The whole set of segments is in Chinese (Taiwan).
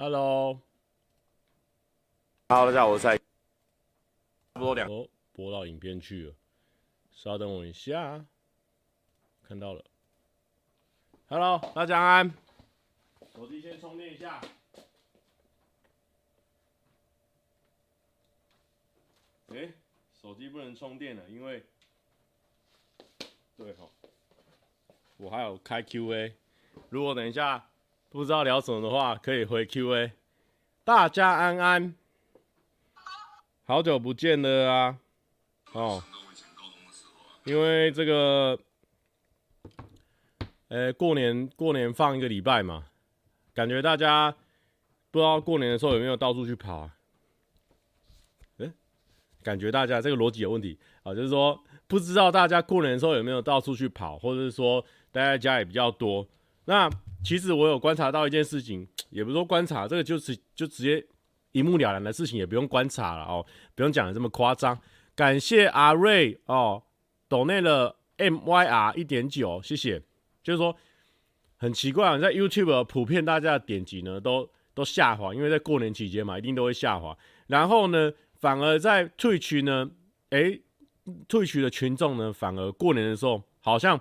Hello，Hello 大家好，我是蔡。差不多兩哦，播到影片去了，稍等我一下，看到了。Hello 大家安，手機先充電一下。哎、欸，手機不能充電了，因為，對哈、哦，我還有開 QA，如果等一下。不知道聊什麼的話，可以回 Q&A。大家安安，好久不見了啊！哦，因為這個，欸、過年過年放一個禮拜嘛，感覺大家不知道過年的時候有沒有到處去跑啊？欸、感覺大家這個邏輯有問題啊，就是說不知道大家過年的時候有沒有到處去跑，或者是說待在家也比較多？那。其實我有觀察到一件事情，也不是說觀察，這個就是就直接一目了然的事情，也不用觀察了哦，不用講的這麼誇張。感謝阿瑞哦，抖內了 M Y R 一點九，謝謝。就是說很奇怪啊，在 YouTube 普遍大家的點擊呢都都下滑，因為在過年期間嘛，一定都會下滑。然後呢，反而在 Twitch 呢，誒，Twitch 的群眾呢，反而過年的時候好像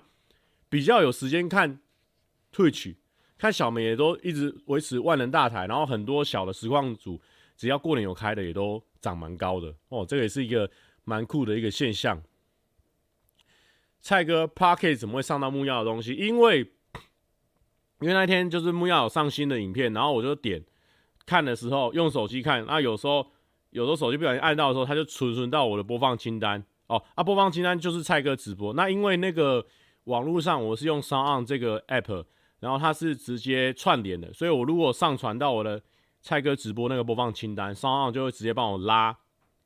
比較有時間看 Twitch。看小明也都一直維持萬人大台，然後很多小的實況主，只要過年有開的也都漲蠻高的哦，這個也是一個蠻酷的一個現象。蔡哥 Pocket 怎麼會上到木曜的東西？因為因為那天就是木曜有上新的影片，然後我就點看的時候用手機看，那有時候有時候手機不小心按到的時候，它就儲存，存到我的播放清單哦，啊播放清單就是蔡哥直播，那因為那個網絡上我是用 SoundOn 這個 App。然後它是直接串聯的，所以我如果上傳到我的蔡哥直播那個播放清單，上號就會直接幫我拉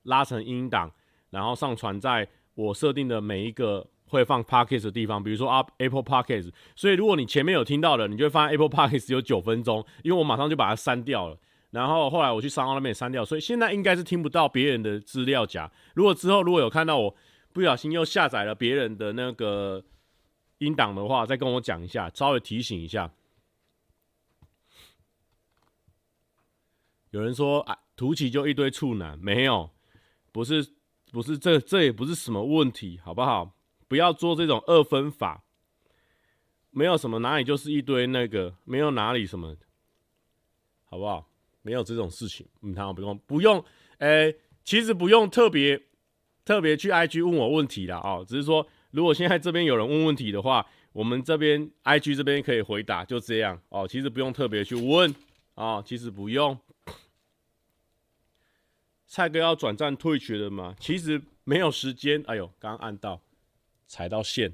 拉成音，音檔，然後上傳在我設定的每一個會放 Podcast 的地方，比如說啊 Apple Podcast。所以如果你前面有聽到的，你就會發現 Apple Podcast 有九分鐘，因為我馬上就把它刪掉了。然後後來我去上號那邊刪掉，所以現在應該是聽不到別人的資料夾。如果之後如果有看到我不小心又下載了別人的那個。音檔的話，再跟我講一下，稍微提醒一下。有人說：“啊，圖奇就一堆處男。”沒有，不是，不是這，這這也不是什麼問題，好不好？不要做這種二分法，沒有什麼，哪裡就是一堆那個，沒有哪裡什麼，好不好？沒有這種事情，嗯，好，不用，不用。哎、欸，其實不用特別特別去 IG 問我問題的啊、哦，只是說。如果現在這邊有人問問題的話，我們這邊 IG 這邊可以回答，就這樣哦。其實不用特別去問啊、哦，其實不用。蔡哥要轉戰 Twitch 了嗎？其實沒有時間。哎呦，剛按到，踩到線。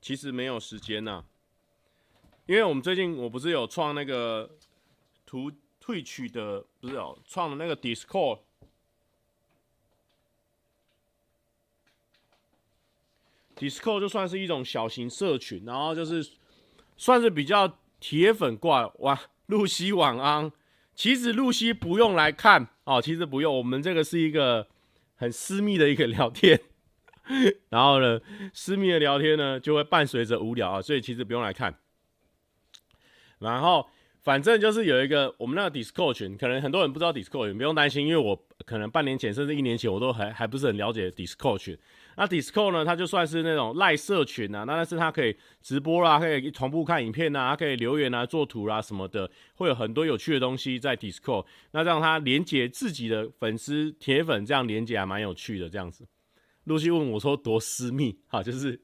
其實沒有時間吶、啊，因為我們最近我不是有創那個 Twitch 的，不是哦，創的那個 Discord。Discord 就算是一種小型社群，然後就是算是比較鐵粉掛哇。露西晚安，其實露西不用來看哦、喔，其實不用。我們這個是一個很私密的一個聊天， 然後呢，私密的聊天呢就會伴隨着無聊啊、喔，所以其實不用來看。然後反正就是有一個我們那個 Discord 群，可能很多人不知道 Discord 群，你不用擔心，因為我可能半年前甚至一年前我都還還不是很了解 Discord 群。那 Discord 呢？它就算是那種賴社群吶、啊，那但是它可以直播啦，可以同步看影片吶、啊，它可以留言啊、做圖啊什麼的，會有很多有趣的東西在 Discord。那讓他連接自己的粉絲、鐵粉，這樣連接還蠻有趣的。這樣子，露西問我說：“多私密？”好，就是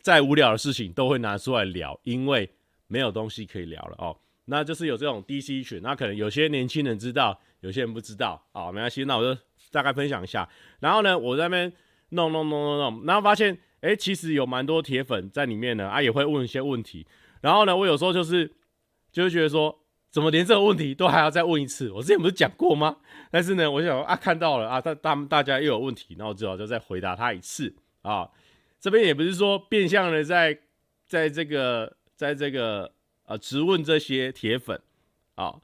再無聊的事情都會拿出來聊，因為沒有東西可以聊了哦。那就是有這種 DC 群，那可能有些年輕人知道，有些人不知道好、哦、沒關係，那我就大概分享一下。然後呢，我在那邊。no no no no no，然後發現誒、欸，其實有蠻多鐵粉在裡面呢、啊，也會問一些問題，然後呢，我有時候就是就會覺得說，怎麼連這個問題都還要再問一次？我之前不是講過嗎？但是呢，我想啊，看到了啊，他他們大家又有問題，那我只好就再回答他一次啊。這邊也不是說變相的在在這個在這個啊，呃質問這些鐵粉啊。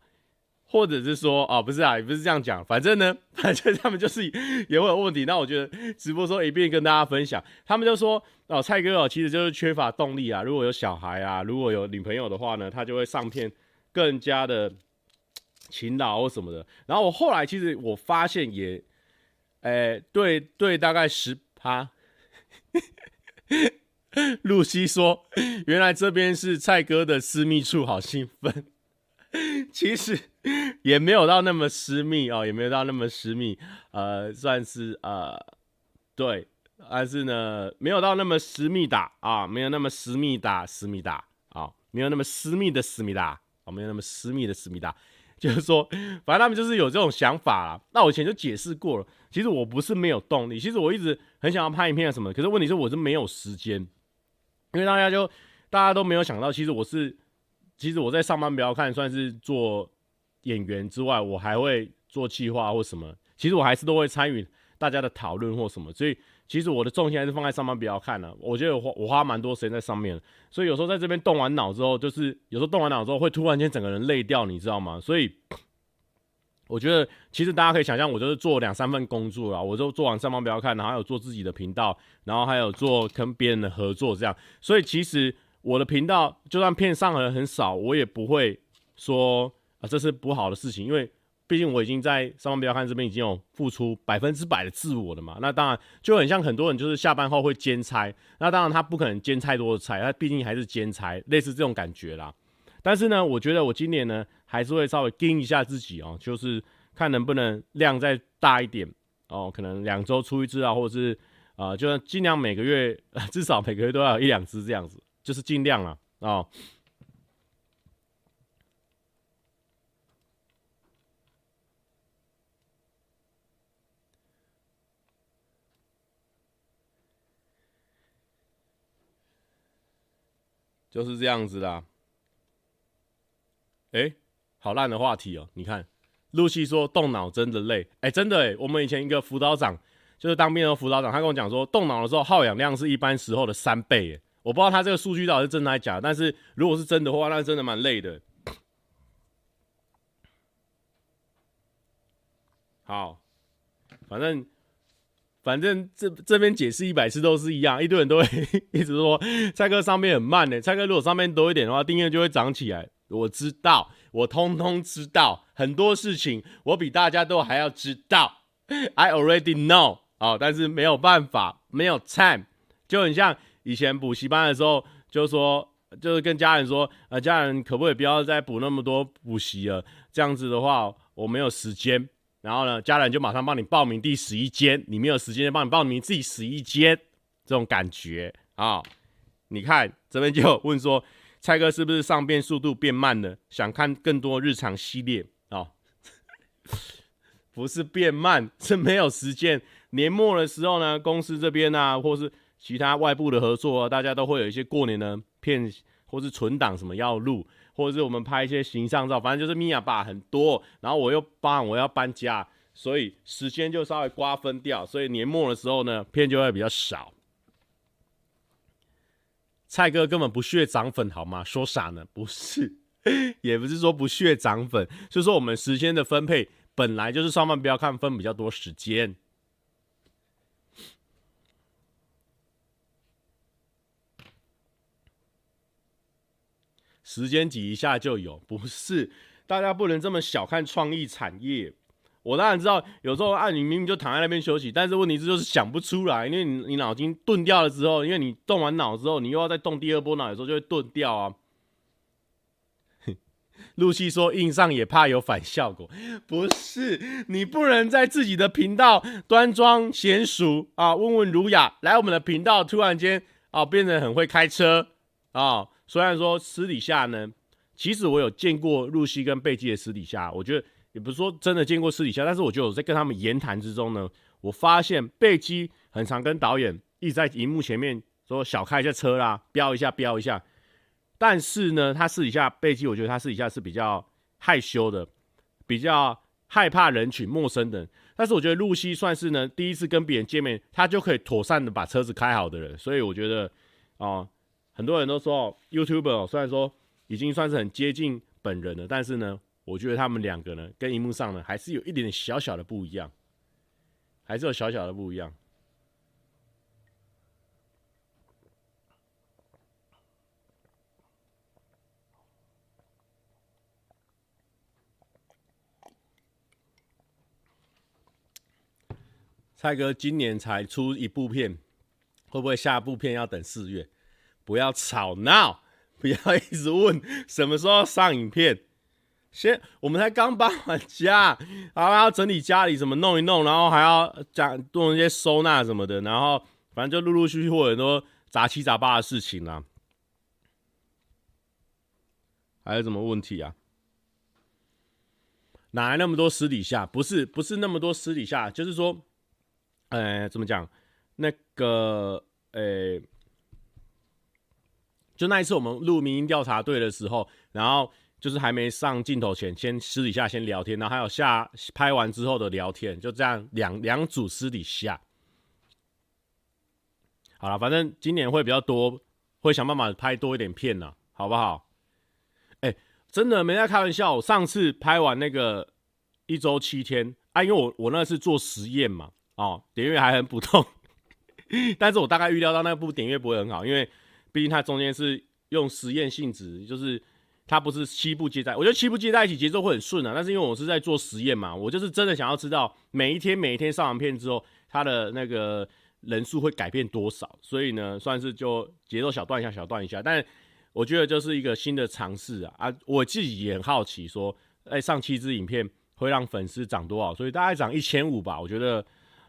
或者是說啊、哦，不是啊，也不是這樣講，反正呢，反正他們就是也會有問題。那我覺得直播時候一併跟大家分享，他們就說啊，蔡哥哦，其實就是缺乏動力啊。如果有小孩啊，如果有女朋友的話呢，他就會上片更加的勤勞或什麼的。然後我後來其實我發現也，哎、欸，對對，大概十趴。 露西說，原來這邊是蔡哥的私密處，好興奮。 其實也沒有到那麼私密哦，也沒有到那麼私密，呃，算是呃，對，但是呢，沒有到那麼私密打啊、哦，沒有那麼私密打私密打啊、哦，沒有那麼私密的私密打啊、哦，沒有那麼私密的私密打就是說，反正他們就是有這種想法啦。那我以前就解釋過了，其實我不是沒有動力，其實我一直很想要拍影片什麼的，可是問題是我是沒有時間，因為大家就大家都沒有想到，其實我是。其實我在上班不要看，算是做演員之外，我還會做企劃。或什麼？其實我還是都會參與大家的討論或什麼，所以其實我的重心還是放在上班不要看的，啊。我覺得我我花蠻多時間在上面，所以有時候在這邊動完腦之後，就是有時候動完腦之後會突然間整個人累掉，你知道嗎？所以我覺得其實大家可以想象，我就是做兩三份工作了，我就做完上班不要看，然後還有做自己的頻道，然後還有做跟別人的合作這樣，所以其實。我的頻道就算騙上的人很少，我也不會說啊，這是不好的事情，因為畢竟我已經在上班標看這邊已經有付出百分之百的自我了嘛。那當然就很像很多人就是下班後會兼差，那當然他不可能兼太多的差，他畢竟還是兼差，類似這種感覺啦。但是呢，我覺得我今年呢還是會稍微盯一下自己哦、喔，就是看能不能量再大一點哦、喔，可能兩週出一隻啊，或者是啊、呃，就盡量每個月至少每個月都要有一兩隻這樣子。就是盡量啦，哦，就是這樣子啦、欸。哎，好爛的話題哦、喔！你看，露西說動腦真的累。哎、欸，真的哎、欸，我們以前一個輔導長，就是當兵的輔導長，他跟我講說，動腦的時候耗氧量是一般時候的三倍、欸。我不知道他這個數據到底是真的還是假的，但是如果是真的的話，那真的蠻累的。好，反正反正這這邊解釋一百次都是一樣，一堆人都會 一直說蔡哥上面很慢的、欸，蔡哥如果上面多一點的話，訂閱就會漲起來。我知道，我通通知道很多事情，我比大家都還要知道。I already know 啊，但是沒有辦法，沒有 time，就很像。以前補習班的時候，就說就是跟家人說，呃，家人可不可以不要再補那麼多補習了？這樣子的話，我沒有時間。然後呢，家人就馬上幫你報名第十一間，你沒有時間就幫你報名第十一間，這種感覺啊、哦。你看這邊就問說，蔡哥是不是上變速度變慢了？想看更多日常系列啊？哦、 不是變慢，是沒有時間。年末的時候呢，公司這邊啊，或是。其他外部的合作啊，大家都會有一些過年的片或是存檔什麼要錄，或者是我們拍一些形象照，反正就是米婭吧很多。然後我又搬，我要搬家，所以時間就稍微瓜分掉。所以年末的時候呢，片就會比較少。蔡哥根本不屑漲粉好嗎？說啥呢？不是，也不是說不屑漲粉，就是說我們時間的分配本來就是上半標看分比較多時間。時間擠一下就有，不是？大家不能這麼小看創意產業。我當然知道，有時候啊，你明明就躺在那邊休息，但是問題是就是想不出來，因為你你腦筋鈍掉了之後，因為你動完腦之後，你又要再動第二波腦的時候就會鈍掉啊。 露西說：“硬上也怕有反效果，不是？你不能在自己的頻道端莊賢淑啊，溫文儒雅，來我們的頻道突然間啊變得很會開車啊。”雖然說私底下呢，其實我有見過露西跟貝基的私底下，我覺得也不是說真的見過私底下，但是我覺得我在跟他們言談之中呢，我發現貝基很常跟導演一直在螢幕前面說小開一下車啦，飆一下飆一下。但是呢，他私底下貝基，我覺得他私底下是比較害羞的，比較害怕人群、陌生的。但是我覺得露西算是呢第一次跟別人見面，他就可以妥善的把車子開好的人，所以我覺得哦。呃很多人都說，YouTube 哦，YouTuber，雖然說已經算是很接近本人了，但是呢，我覺得他們兩個呢，跟熒幕上呢，還是有一點點小小的不一樣，還是有小小的不一樣。蔡哥今年才出一部片，會不會下一部片要等四月？不要吵鬧，no! 不要一直問什麼時候上影片。先，我們才剛搬完家，然後要整理家裡什麼弄一弄，然後還要講弄一些收納什麼的，然後反正就陸陸續續會有很多雜七雜八的事情啦、啊。還有什麼問題啊？哪來那麼多私底下？不是，不是那麼多私底下，就是說，呃，怎麼講？那個，呃。就那一次我們錄民意調查隊的時候，然後就是還沒上鏡頭前，先私底下先聊天，然後還有下拍完之後的聊天，就這樣兩兩組私底下。好了，反正今年會比較多，會想辦法拍多一點片呢，好不好？哎、欸，真的沒在開玩笑，我上次拍完那個一周七天，啊，因為我我那次做實驗嘛，哦、喔，點閱還很普通， 但是我大概預料到那部點閱不會很好，因為。畢竟它中間是用實驗性質，就是它不是七部接在，我覺得七部接在一起節奏會很順啊。但是因為我是在做實驗嘛，我就是真的想要知道每一天每一天上完片之後，它的那個人數會改變多少。所以呢，算是就節奏小段一下小段一下。但我覺得就是一個新的嘗試啊！啊，我自己也很好奇說，哎、欸，上七支影片會讓粉絲漲多少？所以大概漲一千五吧。我覺得，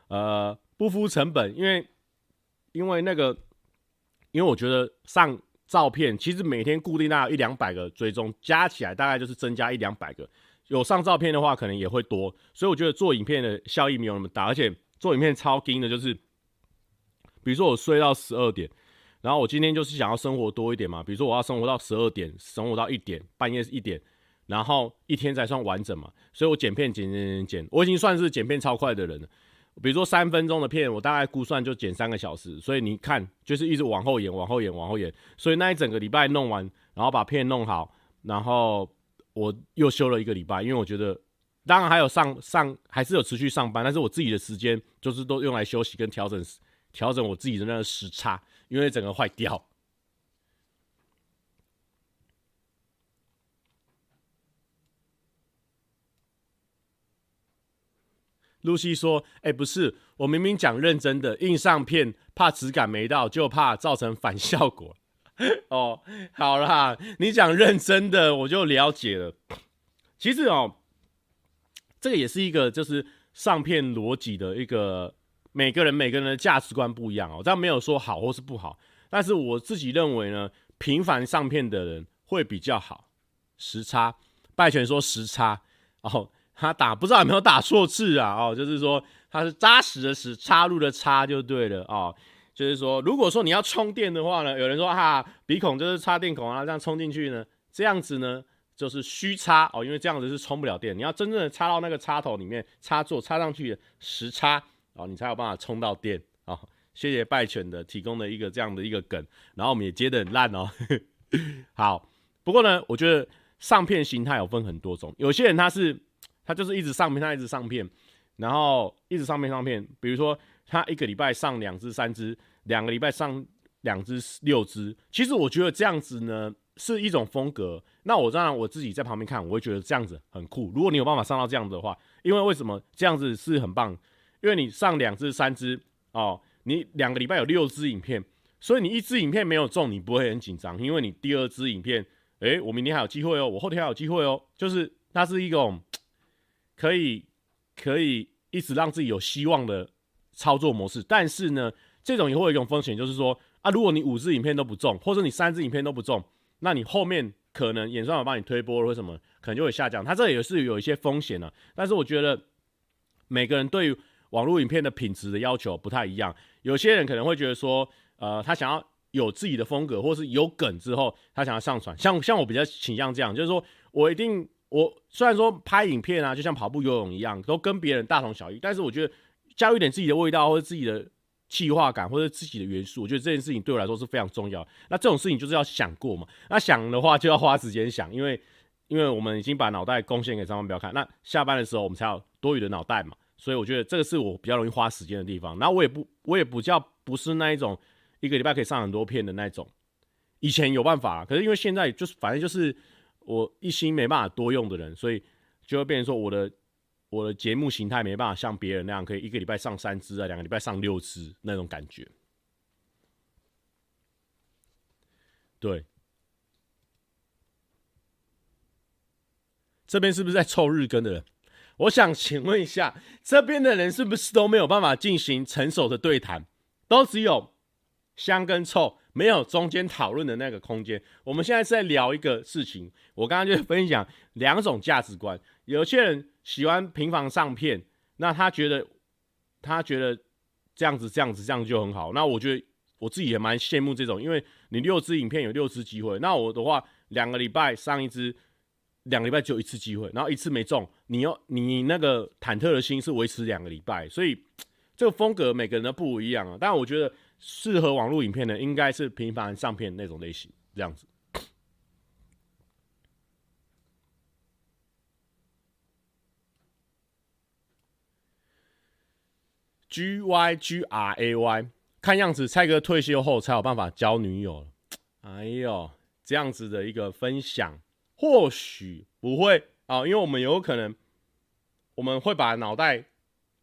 呃，不敷成本，因為因為那個。因為我覺得上照片其實每天固定那一兩百個追蹤加起來大概就是增加一兩百個，有上照片的話可能也會多，所以我覺得做影片的效益沒有那麼大，而且做影片超低的就是，比如說我睡到十二點，然後我今天就是想要生活多一點嘛，比如說我要生活到十二點，生活到一點，半夜一點，然後一天才算完整嘛，所以我剪片剪剪剪剪，我已經算是剪片超快的人了。比如說三分鐘的片，我大概估算就剪三個小時，所以你看，就是一直往後延，往後延，往後延，所以那一整個禮拜弄完，然後把片弄好，然後我又休了一個禮拜，因為我覺得，當然還有上上還是有持續上班，但是我自己的時間就是都用來休息跟調整調整我自己的那個時差，因為整個壞掉。露西說：“哎、欸，不是，我明明講認真的，硬上片怕質感沒到，就怕造成反效果。哦，好啦，你講認真的，我就了解了。其實哦，這個也是一個就是上片邏輯的一個，每個人每個人的價值觀不一樣哦，但沒有說好或是不好。但是我自己認為呢，頻繁上片的人會比較好。時差，拜權說時差，哦他打不知道有沒有打錯字啊？哦，就是說它是扎實的實，插入的插就對了哦，就是說，如果說你要充電的話呢，有人說哈、啊，鼻孔就是插電孔啊，這樣充進去呢，這樣子呢就是虛插哦，因為這樣子是充不了電。你要真正的插到那個插頭裡面插座插上去實插哦，你才有辦法充到電哦，謝謝敗犬的提供的一個這樣的一個梗，然後我們也接得很爛哦呵呵。好，不過呢，我覺得上片形態有分很多種，有些人他是。他就是一直上片，他一直上片，然後一直上片上片。比如說，他一個禮拜上兩支三支，兩個禮拜上兩支六支。其實我覺得這樣子呢是一種風格。那我當然我自己在旁邊看，我會覺得這樣子很酷。如果你有辦法上到這樣子的話，因為為什麼這樣子是很棒？因為你上兩支三支哦，你兩個禮拜有六支影片，所以你一支影片沒有中，你不會很緊張，因為你第二支影片，誒，我明天還有機會哦，我後天還有機會哦，就是它是一種。可以，可以一直讓自己有希望的操作模式，但是呢，這種也會有一種風險，就是說啊，如果你五支影片都不中，或者你三支影片都不中，那你後面可能演算法幫你推播了或什麼，可能就會下降。它這也是有一些風險的啊。但是我覺得每個人對於網絡影片的品質的要求不太一樣，有些人可能會覺得說，呃，他想要有自己的風格，或是有梗之後，他想要上傳。像像我比較傾向這樣，就是說我一定。我雖然說拍影片啊，就像跑步、游泳一樣，都跟別人大同小異。但是我覺得加入一點自己的味道，或者自己的企劃感，或者自己的元素，我覺得這件事情對我來說是非常重要的。那這種事情就是要想過嘛。那想的話就要花時間想，因為因為我們已經把腦袋貢獻給上班不要看，那下班的時候我們才有多餘的腦袋嘛。所以我覺得這個是我比較容易花時間的地方。那我也不，我也不叫不是那一種一個禮拜可以上很多片的那種。以前有辦法，可是因為現在就是反正就是。我一心沒辦法多用的人，所以就會變成說，我的我的節目形態沒辦法像別人那樣，可以一個禮拜上三支啊，兩個禮拜上六支那種感覺。對，這邊是不是在臭日更的人？我想請問一下，這邊的人是不是都沒有辦法進行成熟的對談，都只有香跟臭？沒有中間討論的那個空間。我們現在是在聊一個事情，我剛剛就分享兩種價值觀。有些人喜歡頻繁上片，那他覺得他覺得這樣子這樣子這樣子就很好。那我覺得我自己也蠻羨慕這種，因為你六支影片有六次機會。那我的話，兩個禮拜上一支，兩個禮拜就有一次機會，然後一次沒中，你要你那個忐忑的心是維持兩個禮拜。所以這個風格每個人都不一樣啊。但我覺得。適合網絡影片的應該是頻繁上片那種類型，這樣子。G Y G R A Y，看樣子蔡哥退休後才有辦法交女友。哎呦，這樣子的一個分享，或許不會啊，因為我們有可能我們會把腦袋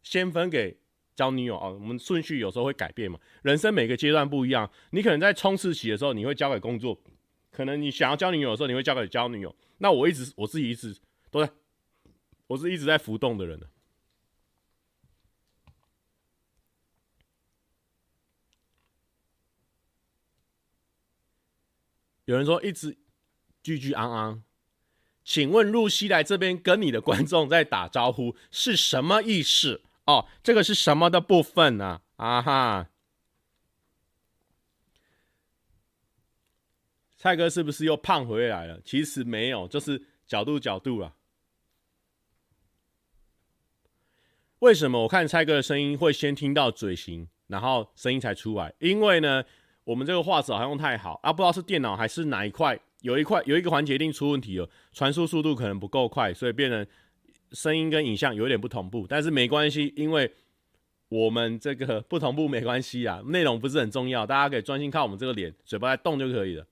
先分給。交女友啊、哦，我們順序有時候會改變嘛。人生每個階段不一樣，你可能在衝刺期的時候，你會交給工作；可能你想要交女友的時候，你會交給交女友。那我一直我自己一直都在，我是一直在浮動的人。有人說一直居居安安，請問露西來這邊跟你的觀眾在打招呼是什麼意思？哦，這個是什麼的部分呢、啊？啊哈，蔡哥是不是又胖回來了？其實沒有，就是角度角度啊。為什麼我看蔡哥的聲音會先聽到嘴型，然後聲音才出來？因為呢，我們這個畫質好像用太好啊，不知道是電腦還是哪一塊，有一塊有一個環節一定出問題了，傳輸速度可能不夠快，所以變成。聲音跟影像有點不同步，但是沒關係，因為我們這個不同步沒關係啊，內容不是很重要，大家可以專心看我們這個臉，嘴巴在動就可以了。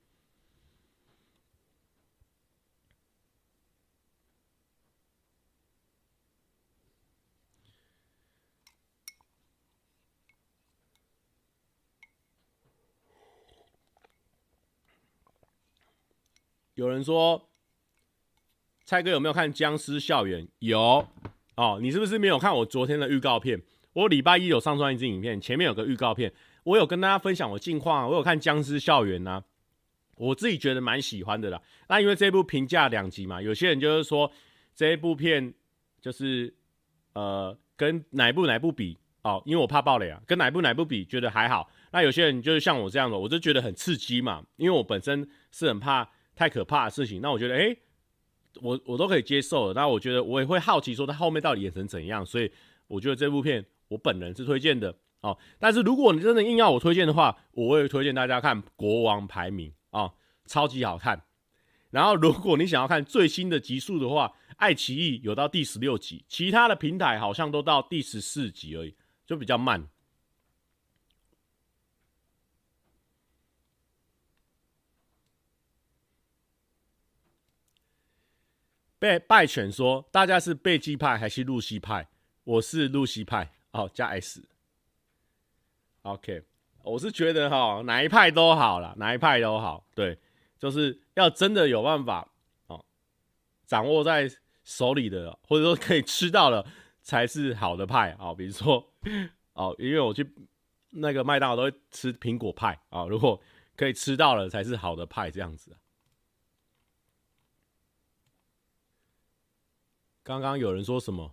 有人說。蔡哥有沒有看《殭屍校園》？有哦，你是不是沒有看我昨天的預告片？我禮拜一有上傳一支影片，前面有個預告片，我有跟大家分享我的近況，啊。我有看《殭屍校園》呢，我自己覺得蠻喜歡的啦。那因為這部評價兩極嘛，有些人就是說這一部片就是呃跟哪部哪部比哦，因為我怕爆雷啊，跟哪部哪部比覺得還好。那有些人就是像我這樣的，我就覺得很刺激嘛，因為我本身是很怕太可怕的事情，那我覺得誒。欸我我都可以接受的，但我覺得我也會好奇說他後面到底演成怎樣，所以我覺得這部片我本人是推薦的哦。但是如果你真的硬要我推薦的話，我也會推薦大家看《國王排名》啊、哦，超級好看。然後如果你想要看最新的集數的話，愛奇藝有到第十六集，其他的平台好像都到第十四集而已，就比較慢。對，敗犬說：“大家是貝基派還是露西派？我是露西派，好、哦、加 S。OK，我是覺得哈，哪一派都好了，哪一派都好。對，就是要真的有辦法哦，掌握在手裡的，或者說可以吃到了，才是好的派啊、哦。比如說，哦，因為我去那個麥當勞都會吃蘋果派啊、哦。如果可以吃到了，才是好的派這樣子。”剛剛有人說什麼？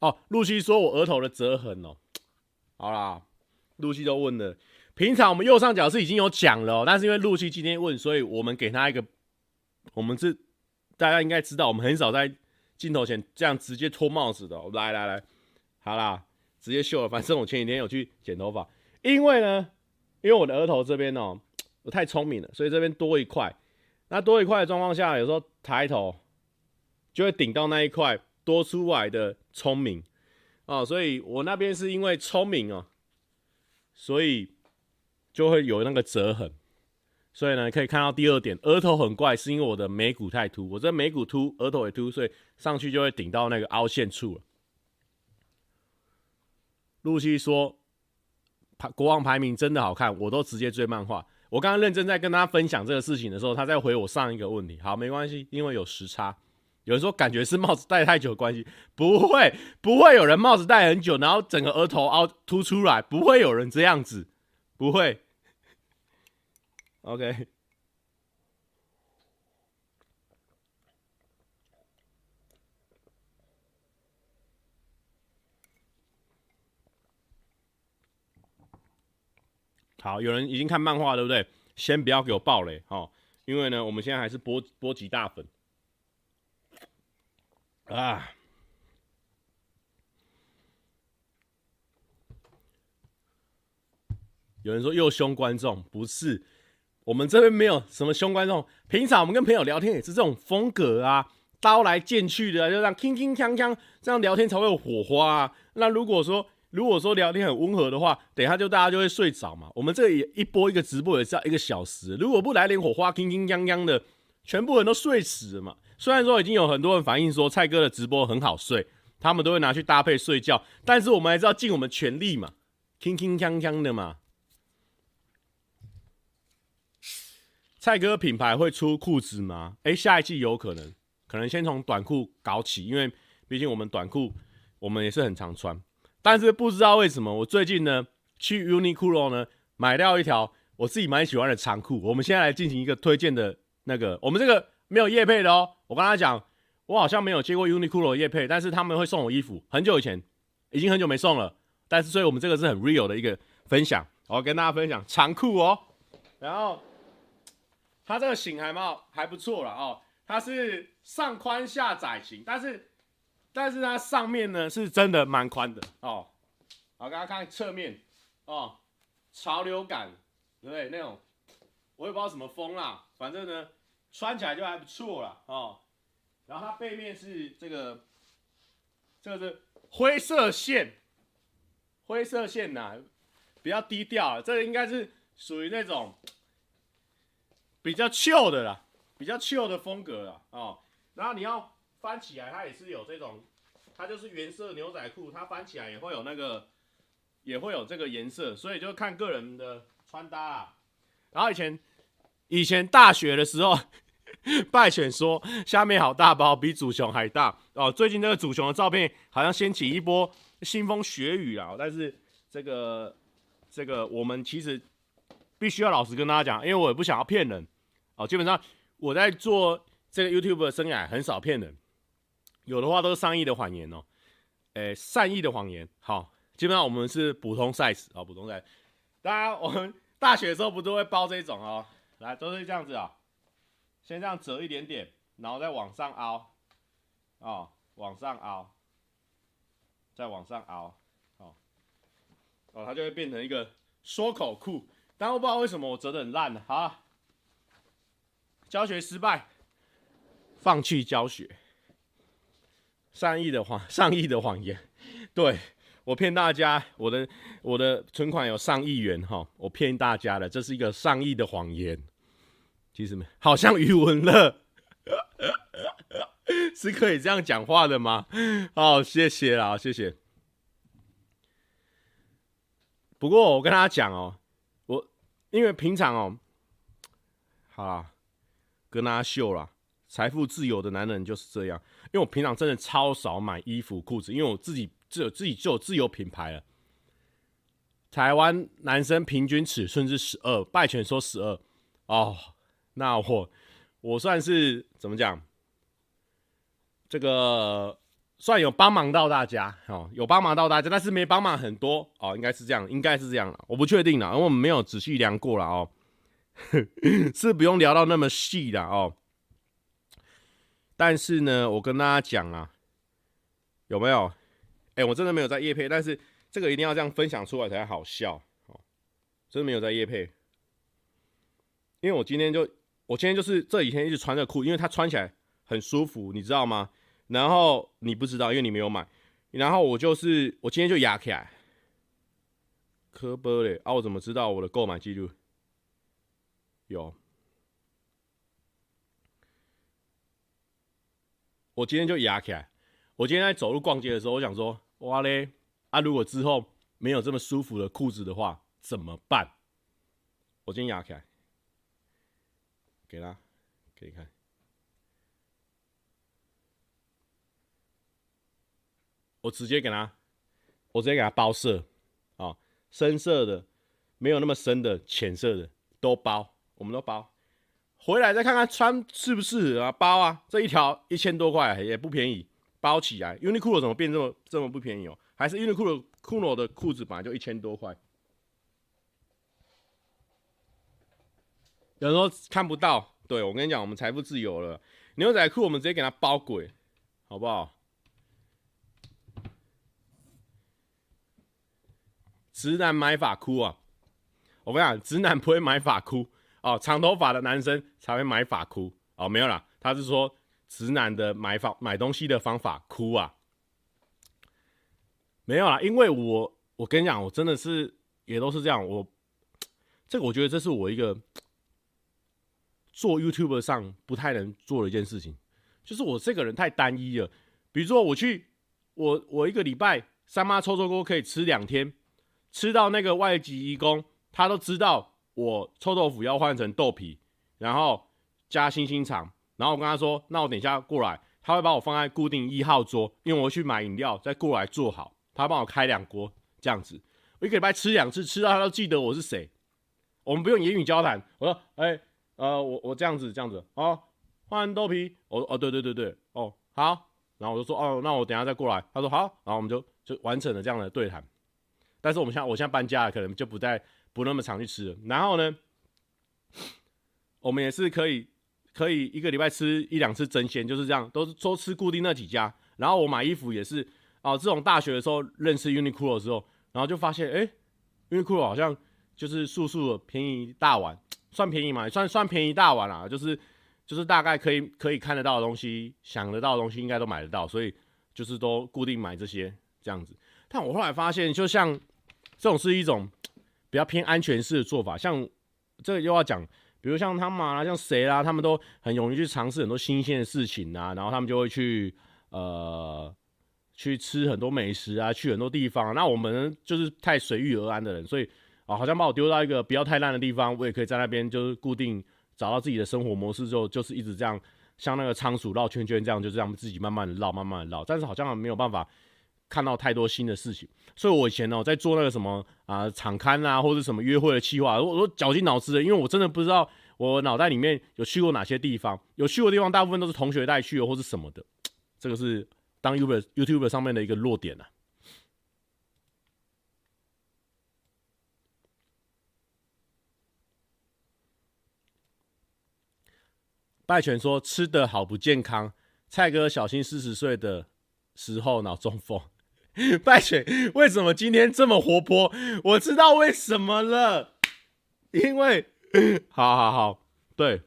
哦，露西說：“我額頭的折痕哦。”好啦，露西都問了。平常我們右上角是已經有講了哦，但是因為露西今天問，所以我們給她一個。我們是大家應該知道，我們很少在鏡頭前這樣直接脫帽子的哦。我來來來，好啦，直接秀了。反正我前幾天有去剪頭髮，因為呢，因為我的額頭這邊哦，我太聰明了，所以這邊多一塊。那多一塊的狀況下，有時候抬頭。就會頂到那一塊多出來的聰明哦，所以我那邊是因為聰明哦，所以就會有那個折痕。所以呢，可以看到第二點，額頭很怪，是因為我的眉骨太突，我這眉骨突，額頭也突，所以上去就會頂到那個凹陷處了。露西說，排國王排名真的好看，我都直接追漫畫。我剛剛認真在跟他分享這個事情的時候，他在回我上一個問題。好，沒關係，因為有時差。有人說感覺是帽子戴太久的關係，不會，不會有人帽子戴很久，然後整個額頭凹凸出來，不會有人這樣子，不會。OK。好，有人已經看漫畫對不對？先不要給我爆雷哈，因為呢，我們現在還是波波及大粉。啊！有人說又凶觀眾，不是，我們這邊沒有什麼凶觀眾。平常我們跟朋友聊天也是這種風格啊，刀來劍去的啊，就這樣鏗鏗鏘鏘，這樣聊天才會有火花啊。那如果說，如果說聊天很溫和的話，等一下就大家就會睡着嘛。我們這也一播一個直播也是要一個小時，如果不來點火花，鏗鏗鏘鏘的，全部人都睡死了嘛。雖然說已經有很多人反映說蔡哥的直播很好睡，他們都會拿去搭配睡覺，但是我們還是要盡我們全力嘛，鏘鏘鏘的嘛。蔡哥品牌會出褲子嗎？哎、欸，下一季有可能，可能先從短褲搞起，因為畢竟我們短褲我們也是很常穿。但是不知道為什麼，我最近呢去 Uniqlo 呢買了一條我自己蠻喜歡的長褲。我們現在來進行一個推薦的那個，我們這個沒有業配的哦、喔。我跟他講，我好像沒有接過 Uniqlo 的業配，但是他們會送我衣服，很久以前，已經很久沒送了。但是，所以我們這個是很 real 的一個分享，我要跟大家分享長褲哦、喔。然後，它這個型還蠻還不錯了哦，它是上寬下窄型，但是，但是它上面呢是真的蠻寬的哦。好，剛剛看側面哦，潮流感對不對？那種，我也不知道什麼風啦，反正呢。穿起來就還不錯了哦，然後它背面是這個，這個是灰色線，灰色線吶，比較低調。這個應該是屬於那種比較舊的啦，比較舊的風格了哦，然後你要翻起來，它也是有這種，它就是原色牛仔褲，它翻起來也會有那個，也會有這個顏色，所以就看個人的穿搭啊，然後以前。以前大學的時候， 拜犬說下面好大包，比祖熊還大哦。最近這個祖熊的照片好像掀起一波腥風血雨啊。但是這個這個，我們其實必須要老實跟大家講，因為我也不想要騙人哦。基本上我在做這個 YouTube 的生涯很少騙人，有的話都是善意的謊言哦。誒、欸，善意的謊言好、哦，基本上我們是普通 size 啊、哦，普通 size。大家我們大學的時候不都會包這種哦？來，都是這樣子啊、哦，先這樣折一點點，然後再往上凹，哦，往上凹，再往上凹，哦，哦，它就會變成一個縮口褲。但我不知道為什麼我折的很爛了哈，好，教學失敗，放棄教學，善意的謊，善意的謊言，對，我騙大家，我的我的存款有上億元哈、哦，我騙大家的，這是一個上億的謊言。其實沒，好像余文樂 是可以這樣講話的嗎？好，哦，謝謝啦，謝謝。不過我跟大家講哦，我因為平常哦，好啦，跟大家秀啦，財富自由的男人就是這樣。因為我平常真的超少買衣服、褲子，因為我自己自自己就有自有品牌了。台灣男生平均尺寸是十二，拜泉說十二哦。那我，我算是怎麼講？這個算有幫忙到大家哦，有幫忙到大家，但是沒幫忙很多哦，應該是這樣，應該是這樣，我不確定了，因為我們沒有仔細量過了哦， 是不用聊到那麼細的哦。但是呢，我跟大家講啊，有沒有？哎、欸，我真的沒有在業配，但是這個一定要這樣分享出來才好笑哦，真的沒有在業配，因為我今天就。我今天就是這幾天一直穿這個褲，因為它穿起來很舒服，你知道嗎？然後你不知道，因為你沒有買。然後我就是，我今天就壓起來，可不嘞！啊，我怎麼知道我的購買記錄？有。我今天就壓起來。我今天在走路逛街的時候，我想說，哇嘞！啊，如果之後沒有這麼舒服的褲子的話，怎麼辦？我今天壓起來。給他，給你看。我直接給他，我直接給他包色，啊、哦，深色的，沒有那麼深的，淺色的都包，我們都包。回來再看看穿適不適啊？包啊，這一條一千多塊也不便宜，包起來。優衣庫的怎麼變這麼這麼不便宜哦？還是優衣庫的庫洛的褲子本來就一千多塊。有時候看不到，對，我跟你講，我們財富自由了。牛仔褲我們直接給它包鬼，好不好？直男買法哭啊！我跟你講，直男不會買法哭哦。長頭髮的男生才會買法哭哦。沒有啦，他是說直男的買法買東西的方法哭啊。沒有啦，因為我我跟你講，我真的是也都是這樣。我這個我覺得這是我一個。做 YouTuber 上不太能做的一件事情，就是我這個人太單一了。比如說，我去我我一個禮拜三媽臭臭鍋可以吃兩天，吃到那個外籍移工，他都知道我臭豆腐要換成豆皮，然後加星星腸，然後我跟他說，那我等一下過來，他會把我放在固定一號桌，因為我去買飲料再過來做好，他幫我開兩鍋這樣子。我一個禮拜吃兩次，吃到他都記得我是誰。我們不用言語交談，我說，哎。呃，我我這樣子這樣子哦，換完豆皮，哦，哦對對對對哦好，然後我就說哦，那我等下再過來，他說好，然後我們就就完成了這樣的對談。但是我們現在我現在搬家了，可能就不再不那麼常去吃了。然後呢，我們也是可以可以一個禮拜吃一兩次爭鮮，就是這樣，都是都吃固定那幾家。然後我買衣服也是啊、呃，自從大學的時候認識 Uniqlo 的時候，然後就發現欸，Uniqlo 好像就是素素的便宜一大碗。算便宜嘛？算算便宜大碗啦、啊。就是就是大概可以可以看得到的東西，想得到的東西應該都買得到，所以就是都固定買這些這樣子。但我後來發現，就像這種是一種比較偏安全式的做法，像這個又要講，比如像他們啦、啊，像誰啦、啊，他們都很勇於去嘗試很多新鮮的事情啊，然後他們就會去呃去吃很多美食啊，去很多地方、啊。那我們就是太隨遇而安的人，所以。啊，好像把我丟到一個不要太爛的地方，我也可以在那邊就是固定找到自己的生活模式之後，就是一直這樣，像那個倉鼠繞圈圈這樣，就這樣自己慢慢繞，慢慢繞。但是好像沒有辦法看到太多新的事情，所以我以前呢、喔、在做那個什麼啊、呃、場刊啊，或者什麼約會的計劃，我都絞盡腦汁的，因為我真的不知道我腦袋裡面有去過哪些地方，有去過地方大部分都是同學帶去的或是什麼的，這個是當 YouBer, YouTuber YouTuber 上面的一個弱點啊。拜犬說：“吃得好不健康，蔡哥小心四十歲的時候腦中風。 拜”拜犬為什麼今天這麼活潑？我知道為什麼了，因為 好好好，對，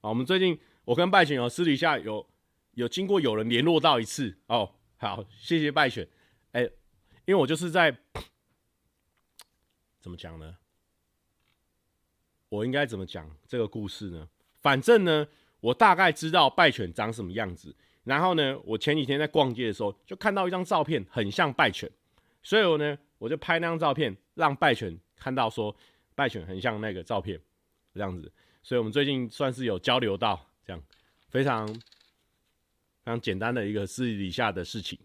我們最近我跟拜犬有私底下有有經過有人聯絡到一次哦，oh, 好，謝謝拜犬，哎、欸，因為我就是在怎麼講呢？我應該怎麼講這個故事呢？反正呢。我大概知道敗犬長什麼樣子，然後呢，我前幾天在逛街的時候就看到一張照片，很像敗犬，所以我呢，我就拍那張照片讓敗犬看到說，敗犬很像那個照片，這樣子，所以我們最近算是有交流到這樣非常非常簡單的一個私底下的事情。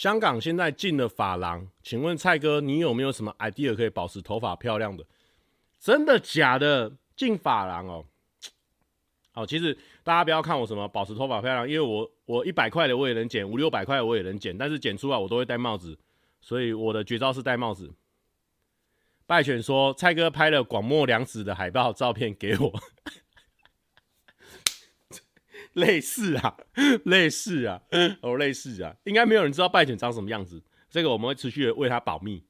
香港現在進了髮廊，請問蔡哥，你有沒有什麼 idea 可以保持頭髮漂亮的？真的假的？進髮廊哦。哦，其實大家不要看我什麼保持頭髮漂亮，因為我我一百塊的我也能剪，五六百塊我也能剪，但是剪出來我都會戴帽子，所以我的絕招是戴帽子。敗犬說，蔡哥拍了廣末涼子的海報照片給我。 類似啊，類似啊，哦，類似啊，應該沒有人知道敗犬長什麼樣子。這個我們會持續的為他保密，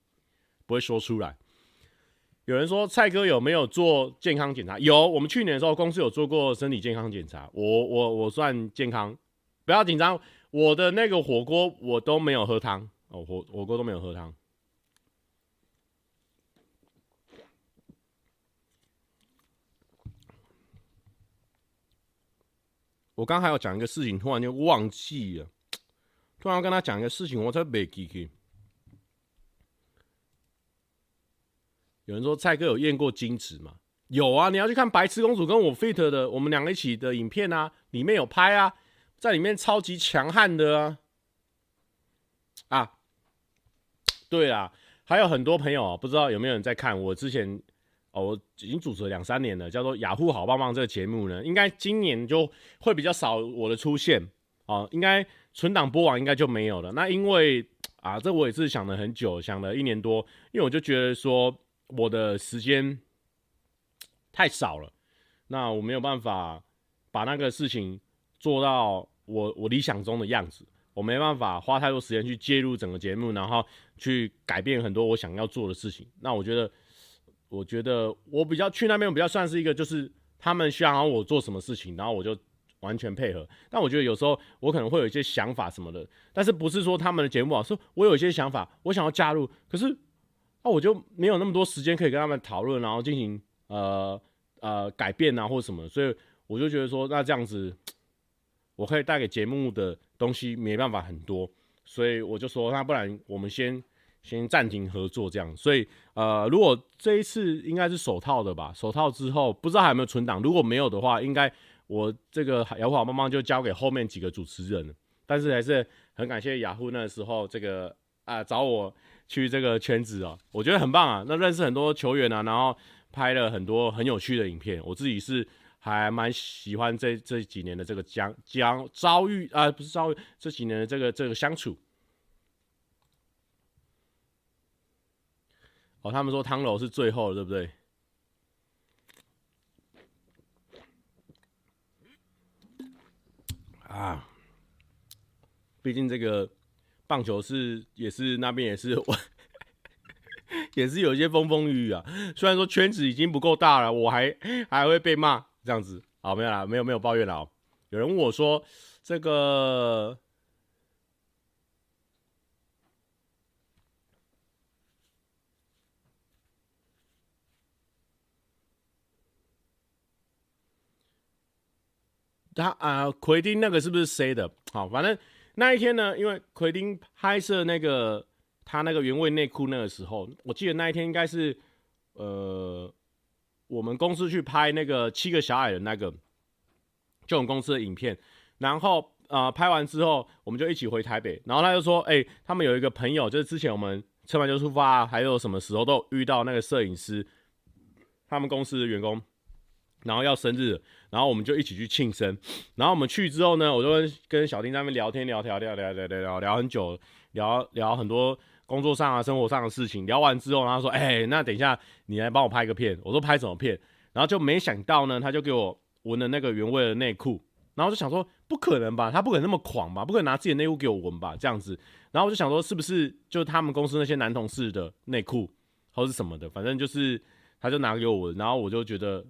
不會說出來。有人說，蔡哥有沒有做健康檢查？有，我們去年的時候公司有做過身體健康檢查。我我我算健康，不要緊張。我的那個火鍋我都沒有喝湯哦，火火鍋都沒有喝湯。我剛剛還要講一個事情，突然就忘記了。突然要跟他講一個事情，我才沒記起。有人說蔡哥有驗過精子嗎？有啊，你要去看《白痴公主》跟我 fit 的，我們兩個一起的影片啊，裡面有拍啊，在裡面超級強悍的啊。啊，對啊，還有很多朋友啊，不知道有沒有人在看我之前。哦，我已經主持了兩三年了，叫做雅虎、ah、好棒棒這個節目呢，應該今年就會比較少我的出現啊、呃，應該存檔播完應該就沒有了。那因為啊，這我也是想了很久，想了一年多，因為我就覺得說我的時間太少了，那我沒有辦法把那個事情做到我我理想中的樣子，我沒辦法花太多時間去介入整個節目，然後去改變很多我想要做的事情。那我覺得。我覺得我比較去那邊比較算是一個，就是他們需要、啊、我做什麼事情，然後我就完全配合。但我覺得有時候我可能會有一些想法什麼的，但是不是說他們的節目啊，是我有一些想法，我想要加入，可是那、啊、我就沒有那麼多時間可以跟他們討論，然後進行呃呃改變啊或什麼，所以我就覺得說，那這樣子我可以帶給節目的東西沒辦法很多，所以我就說，那不然我們先。先暫停合作，這樣，所以呃，如果這一次應該是手套的吧，手套之後不知道還有沒有存檔，如果沒有的話，應該我這個搖呼好棒棒就交給後面幾個主持人，但是還是很感謝雅虎、ah、那時候這個啊、呃、找我去這個圈子啊、喔，我覺得很棒啊，那認識很多球員啊，然後拍了很多很有趣的影片，我自己是還蠻喜歡這這幾年的這個將將遭遇啊、呃，不是遭遇這幾年的這個這個相處。哦，他們說湯樓是最後了，對不對？啊，畢竟這個棒球是也是那邊也是呵呵也是有一些風風雨雨啊。雖然說圈子已經不夠大了，我還還會被罵這樣子。好、哦，沒有啦，沒有沒有抱怨了、哦。有人問我說這個。他啊，呃、奎丁那個是不是 C 的？好，反正那一天呢，因為奎丁拍攝那個他那個原味內褲那個時候，我記得那一天應該是呃，我們公司去拍那個七個小矮人那個，就我們公司的影片。然後啊、呃，拍完之後我們就一起回台北，然後他就說：“哎、欸，他們有一個朋友，就是之前我們吃完就出發、啊，還有什麼時候都遇到那個攝影師，他們公司的員工。”然後要生日了，然後我們就一起去慶生。然後我們去之後呢，我就跟小丁在那邊聊天，聊、聊、聊、聊、聊、聊、聊很久，聊聊很多工作上啊、生活上的事情。聊完之後，他說：“哎、欸，那等一下你來幫我拍個片。”我說：“拍什麼片？”然後就沒想到呢，他就給我聞了那個原味的內褲。然後我就想說：“不可能吧？他不可能那麼狂吧？不可能拿自己的內褲給我聞吧？這樣子。”然後我就想說：“是不是就他們公司那些男同事的內褲，或是什麼的？反正就是他就拿給我聞。”然後我就覺得。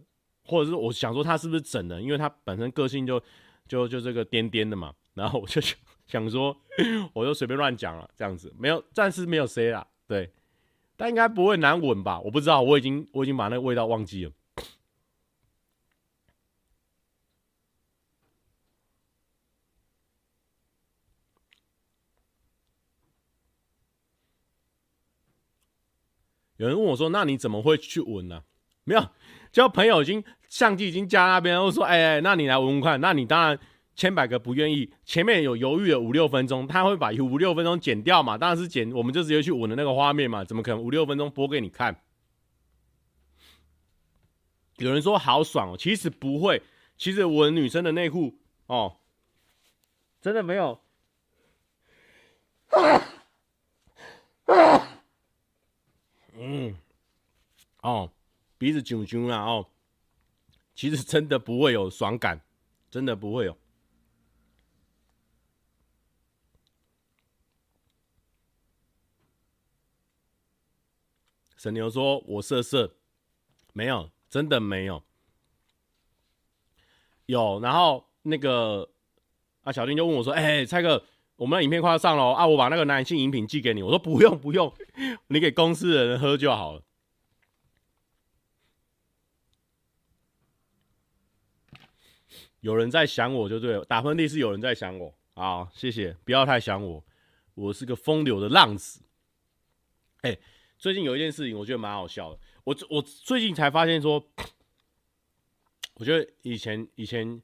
或者是我想說他是不是整的，因為他本身個性就就就這個顛顛的嘛，然後我就想說，我就隨便亂講了，這樣子沒有，暫時沒有誰啦，對，但應該不會難聞吧？我不知道，我已經我已經把那個味道忘記了。有人問我說：“那你怎麼會去聞呢、啊？”沒有。交朋友，已經相機已經架在那邊，然後說：“哎、欸，那你來聞聞看。”那你當然千百個不願意。前面有猶豫了五六分鐘，他會把五六分鐘剪掉嘛？當然是剪，我們就直接去聞的那個畫面嘛？怎麼可能五六分鐘播給你看？有人說好爽哦、喔，其實不會。其實聞女生的內褲哦，喔、真的沒有。啊啊、嗯，哦、喔。鼻子囧囧啊！哦，其實真的不會有爽感，真的不會有。神牛說：“我色色，沒有，真的沒有。”有，然後那個啊，小丁就問我說：“哎、欸，蔡哥，我們的影片快要上咯，啊！我把那個男性飲品寄給你。”我說：“不用不用，你給公司的人喝就好了。”有人在想我就對了，打噴嚏是有人在想我啊！好，謝謝，不要太想我，我是個風流的浪子。哎、欸，最近有一件事情我覺得蠻好笑的，我我最近才發現說，我覺得以前以前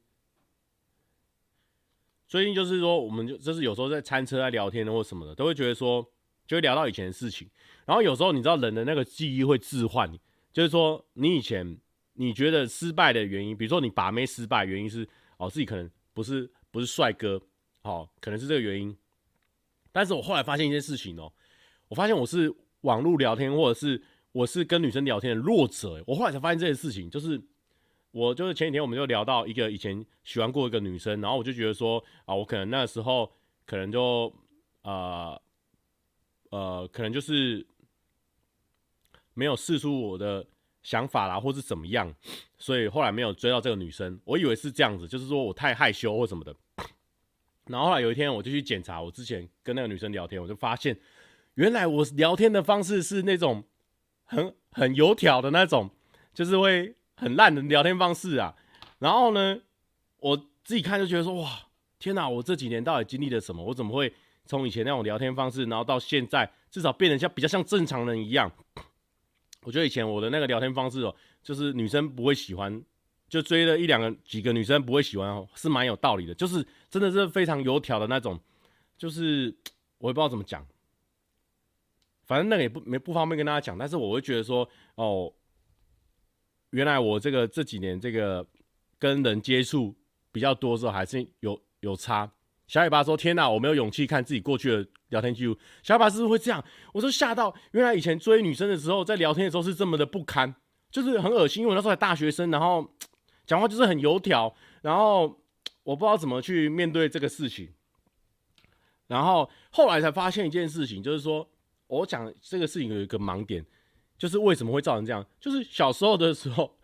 最近就是說，我們就就是有時候在餐車在聊天的或什麼的，都會覺得說就會聊到以前的事情，然後有時候你知道人的那個記憶會置換，就是說你以前。你覺得失敗的原因，比如說你把妹失敗，原因是哦，自己可能不是不是帥哥，哦，可能是這個原因。但是我後來發現一件事情哦，我發現我是網絡聊天或者是我是跟女生聊天的弱者，我後來才發現這件事情，就是我就是前幾天我們就聊到一個以前喜歡過一個女生，然後我就覺得說啊，哦，我可能那時候可能就啊，呃，呃，可能就是沒有試出我的。想法啦，或是怎麼樣，所以後來沒有追到這個女生。我以為是這樣子，就是說我太害羞或什麼的。然後後來有一天，我就去檢查我之前跟那個女生聊天，我就發現原來我聊天的方式是那種很很油條的那種，就是會很爛的聊天方式啊。然後呢，我自己看就覺得說哇，天哪！我這幾年到底經歷了什麼？我怎麼會從以前那種聊天方式，然後到現在至少變得像比較像正常人一樣？我覺得以前我的那個聊天方式喔，就是女生不會喜歡，就追了一兩個幾個女生不會喜歡喔，是蠻有道理的，就是真的是非常油條的那種，就是我也不知道怎麼講，反正那個也不沒不方便跟大家講，但是我會覺得說哦，原來我這個這幾年這個跟人接觸比較多的時候，還是有有差。小尾巴說：“天哪，我沒有勇氣看自己過去的聊天記錄。”小尾巴是不是會這樣？我就嚇到，原來以前追女生的時候，在聊天的時候是這麼的不堪，就是很噁心。因為那時候還大學生，然後講話就是很油條，然後我不知道怎麼去面對這個事情。然後後來才發現一件事情，就是說我講這個事情有一個盲點，就是為什麼會造成這樣？就是小時候的時候，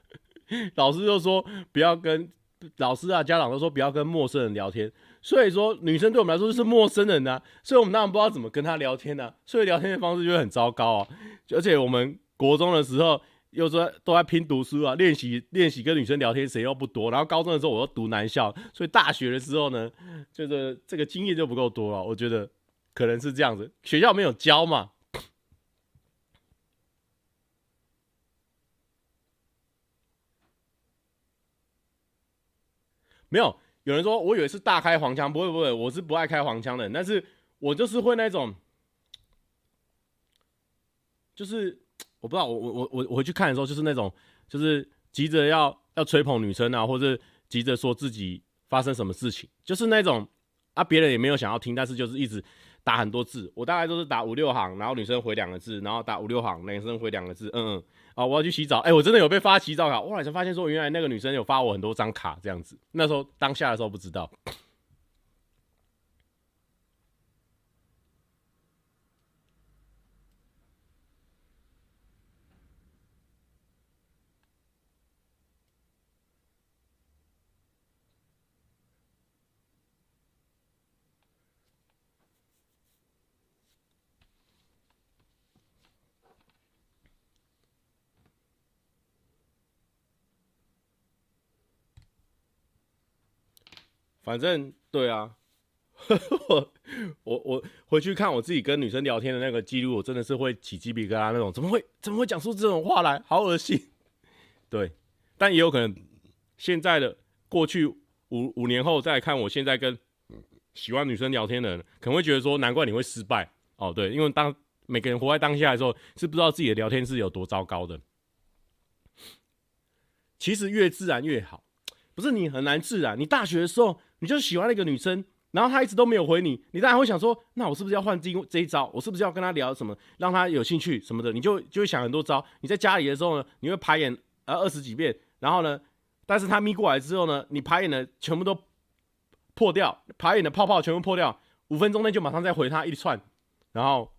老師就說不要跟老師啊，家長都說不要跟陌生人聊天。所以說，女生對我們來說就是陌生人吶，所以我們當然不知道怎麼跟她聊天呢，所以聊天的方式就會很糟糕啊。而且我們國中的時候又說都在，都在拼讀書啊，練習練習跟女生聊天，誰又不多？然後高中的時候我又讀男校，所以大學的時候呢，就是這個經驗就不夠多了。我覺得可能是這樣子，學校沒有教嘛，沒有。有人說我以為是大開黃腔，不會不會，我是不愛開黃腔的，但是我就是會那種，就是我不知道，我我我我回去看的時候，就是那種，就是急着要要吹捧女生啊，或者急着說自己發生什麼事情，就是那種啊，別人也沒有想要聽，但是就是一直。打很多字，我大概都是打五六行，然後女生回兩個字，然後打五六行，男生回兩個字，嗯嗯，啊，我要去洗澡，哎、欸，我真的有被發洗澡卡，後來才發現說，原來那個女生有發我很多張卡這樣子，那時候當下的時候不知道。反正對啊， 我我，我回去看我自己跟女生聊天的那個記錄，我真的是會起雞皮疙瘩那種。怎麼會怎麼會講出這種話來？好噁心！對，但也有可能現在的過去五五年後再來看，我現在跟喜歡女生聊天的人，可能會覺得說，難怪你會失敗哦。對，因為當每個人活在當下的時候，是不知道自己的聊天是有多糟糕的。其實越自然越好，不是你很難自然。你大學的時候，你就喜歡那個女生，然後她一直都沒有回你，你當然會想說，那我是不是要換這一，這一招？我是不是要跟她聊什麼，讓她有興趣什麼的？你就就會想很多招。你在家裡的時候呢，你會排演呃二十幾遍，然後呢，但是她眯過來之後呢，你排演的全部都破掉，排演的泡泡全部破掉，五分鐘內就馬上再回她一串，然後，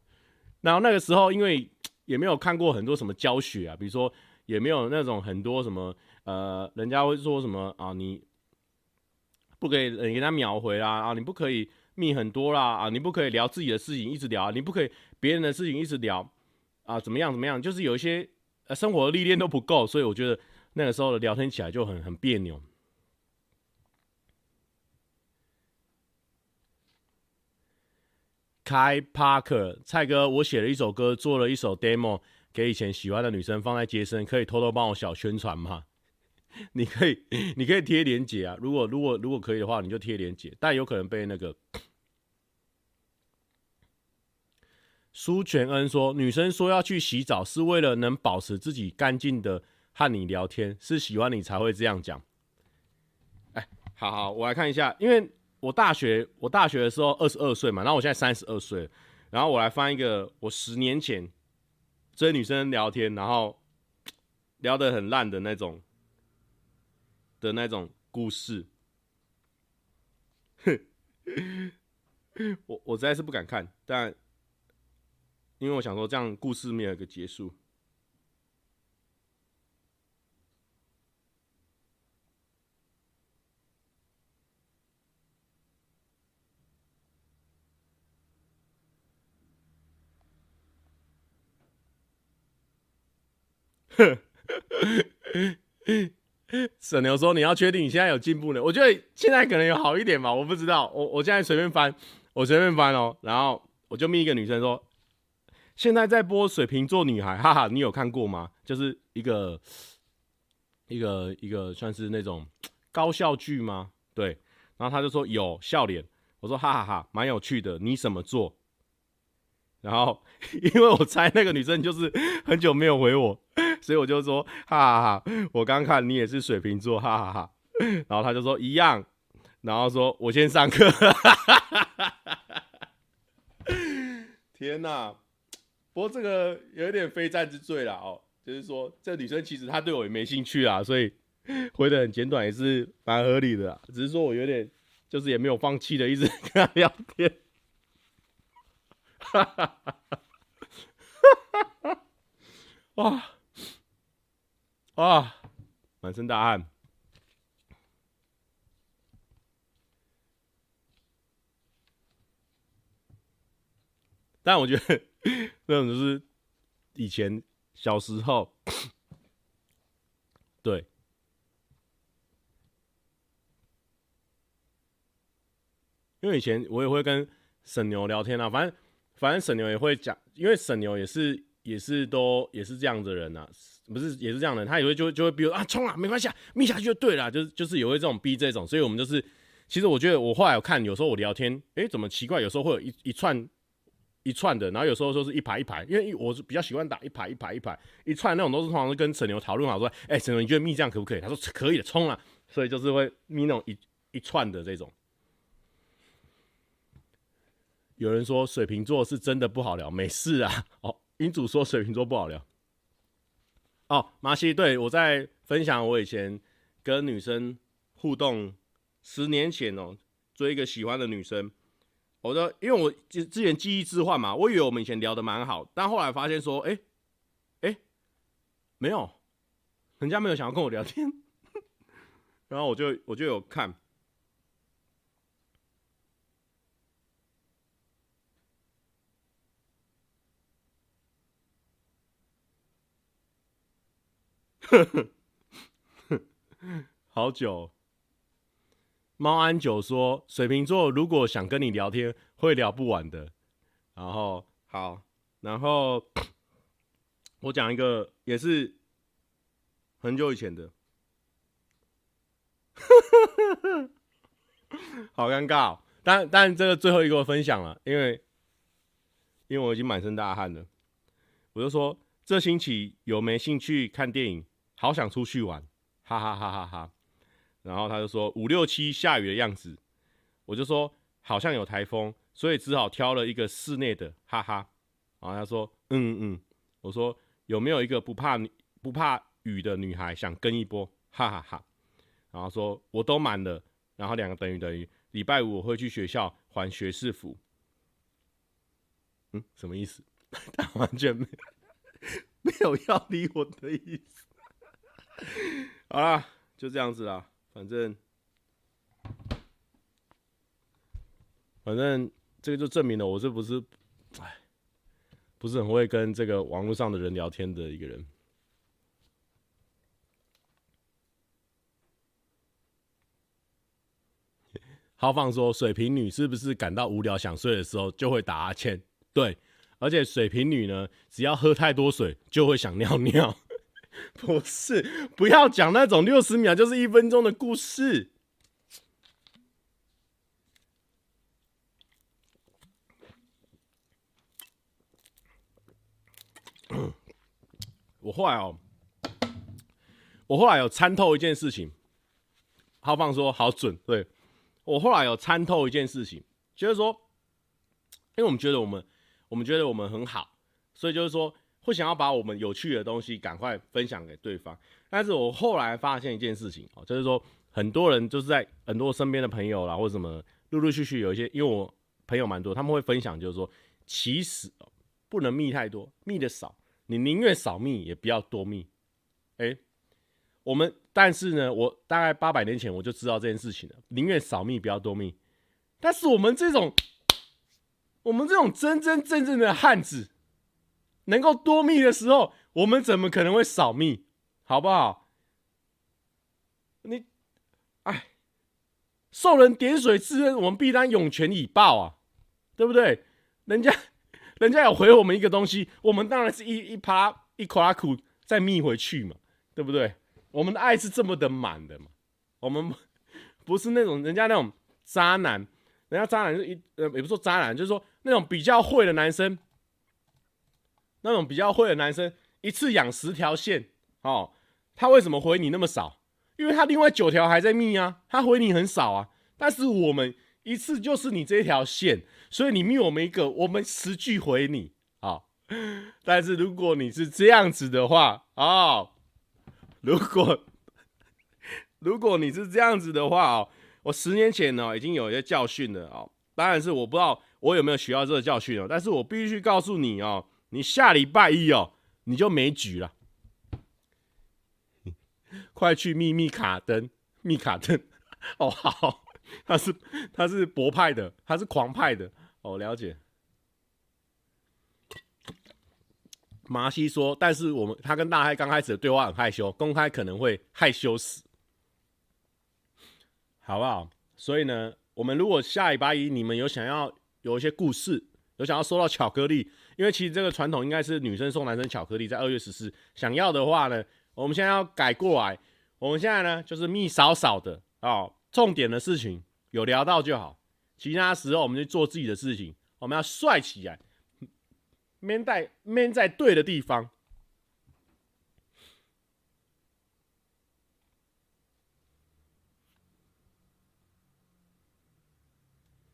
然後那個時候因為也沒有看過很多什麼教學啊，比如說也沒有那種很多什麼呃，人家會說什麼啊你。不可以你給他秒回啦，啊！你不可以密很多啦，啊，啊！你不可以聊自己的事情一直聊，啊，你不可以別人的事情一直聊啊，啊！怎麼樣怎麼樣？就是有一些呃生活的歷練都不夠，所以我覺得那個時候的聊天起來就很很彆扭。Kai Parker 蔡哥，我寫了一首歌，做了一首 demo，給以前喜歡的女生放在街聲，可以偷偷幫我小宣傳嗎？你可以，你可以貼連結啊！如果如果如果可以的話，你就貼連結。但有可能被那個蘇 全恩說，女生說要去洗澡是為了能保持自己乾淨的，和你聊天是喜歡你才會這樣講。哎、欸，好好，我來看一下，因為我大學我大學的時候二十二歲嘛，然後我現在三十二歲，然後我來翻一個我十年前追女生聊天，然後聊得很爛的那種。的那種故事， 我我實在是不敢看，但因為我想說，這樣故事沒有一個結束。 沈牛說：“你要確定你現在有進步了？我覺得現在可能有好一點吧，我不知道。我我現在隨便翻，我隨便翻哦，然後我就密一個女生說：現在在播水瓶座女孩，哈哈，你有看過嗎？就是一個一個一個算是那種高校劇嗎？對。然後他就說有笑臉，我說哈哈哈，蠻有趣的。你什麼座？然後因為我猜那個女生就是很久沒有回我。”所以我就說，哈哈哈，哈！我剛看你也是水瓶座，哈哈哈，哈！然後他就說一樣，然後說我先上課，哈哈哈哈哈哈！天哪，不過這個有點非戰之罪了哦，就是說這個女生其實她對我也沒興趣啦，所以回的很簡短也是蠻合理的啦，只是說我有點就是也沒有放棄的，一直跟她聊天，哈哈哈哈哈哈！哇！啊！滿身大汗，但我覺得那種就是以前小時候，對，因為以前我也會跟沈牛聊天啊，反正反正沈牛也會講，因為沈牛也是也是都也是這樣的人啊。不是也是這樣的，他以為就就會比如啊衝啊，沒關係，啊，密下去就對了，就是就是也會這種逼這種，所以我們就是其實我覺得我後來有看，有時候我聊天，哎、欸，怎麼奇怪？有時候會有一一串一串的，然後有時候說是一排一排，因為我是比較喜歡打一排一排一排一串那種，都是通常跟沈牛討論好說哎沈、欸、牛你覺得密這樣可不可以？他說可以的，衝啊，所以就是會密那種一一串的這種。有人說水瓶座是真的不好聊，沒事啊，哦，英主說水瓶座不好聊。哦，馬西對我在分享我以前跟女生互動，十年前哦，追一個喜歡的女生，我的，因為我之之前記憶置換嘛，我以為我們以前聊的蠻好，但後來發現說，哎、欸，哎、欸，沒有，人家沒有想要跟我聊天， 然後我就我就有看。呵呵， 好久喔。貓安九說：“水瓶座如果想跟你聊天，會聊不完的。”然後，好，然後我講一個，也是很久以前的。 好尷尬，但但這個最後一個我分享了，因為因為我已經滿身大汗了，我就說：“這星期有沒有興趣看電影？”好想出去玩，哈哈哈哈哈，哈！然後他就說五六七下雨的樣子，我就說好像有颱風，所以只好挑了一個室內的，哈哈。然後他說嗯，嗯嗯，我說有沒有一個不怕不怕雨的女孩想跟一波，哈哈哈。然後說我都滿了，然後兩個等於等於，禮拜五我會去學校還學士服。嗯，什麼意思？他完全沒有 沒有要理我的意思。 好啦，就這樣子啦。反正，反正這個就證明了我是不是，哎，不是很會跟這個網絡上的人聊天的一個人。豪 放說，水瓶女是不是感到無聊想睡的時候就會打呵欠？對，而且水瓶女呢，只要喝太多水就會想尿尿。不是，不要講那種六十秒就是一分鐘的故事。我後來哦、喔，我後來有參透一件事情。浩放說好準，對，我後來有參透一件事情，就是說，因為我們覺得我們，我們覺得我們很好，所以就是說。會想要把我們有趣的東西趕快分享給對方，但是我後來發現一件事情哦，就是說很多人就是在很多身邊的朋友啦，或者什麼，陸陸續續有一些，因為我朋友蠻多，他們會分享，就是說其實不能密太多，密得少，你寧願少密也不要多密。誒，我們但是呢，我大概八百年前我就知道這件事情了，寧願少密不要多密。但是我們這種，我們這種真真正正的漢子。能夠多蜜的時候，我們怎麼可能會少蜜？好不好？你，哎，受人點水之恩，我們必然湧泉以報啊，對不對？人家，人家有回我們一個東西，我們當然是一一啪啦，一苦拉苦再蜜回去嘛，對不對？我們的愛是這麼的滿的嘛，我們不是那種人家那種渣男，人家渣男是一呃，也不是說渣男，就是說那種比較會的男生。那種比較會的男生，一次養十條線，哦，他為什麼回你那麼少？因為他另外九條還在密啊，他回你很少啊。但是我們一次就是你這一條線，所以你密我們一個，我們十句回你啊、哦。但是如果你是這樣子的話，哦，如果如果你是這樣子的話哦，我十年前呢、哦、已經有一些教訓了哦。當然是我不知道我有沒有學到這個教訓哦，但是我必須告訴你哦。你下禮拜一哦、喔，你就沒局了。 快去秘密卡登，密卡登。 哦好,好，他是他是博派的，他是狂派的。哦，了解。麻西說，但是我們他跟大嗨剛開始的對話很害羞，公開可能會害羞死，好不好？所以呢，我們如果下禮拜一你們有想要有一些故事，有想要收到巧克力。因為其實這個傳統應該是女生送男生巧克力，在二月十四。想要的話呢，我們現在要改過來。我們現在呢，就是蜜少少的哦，重點的事情有聊到就好，其他時候我們就做自己的事情。我們要帥起來，Man 在 Man 在對的地方。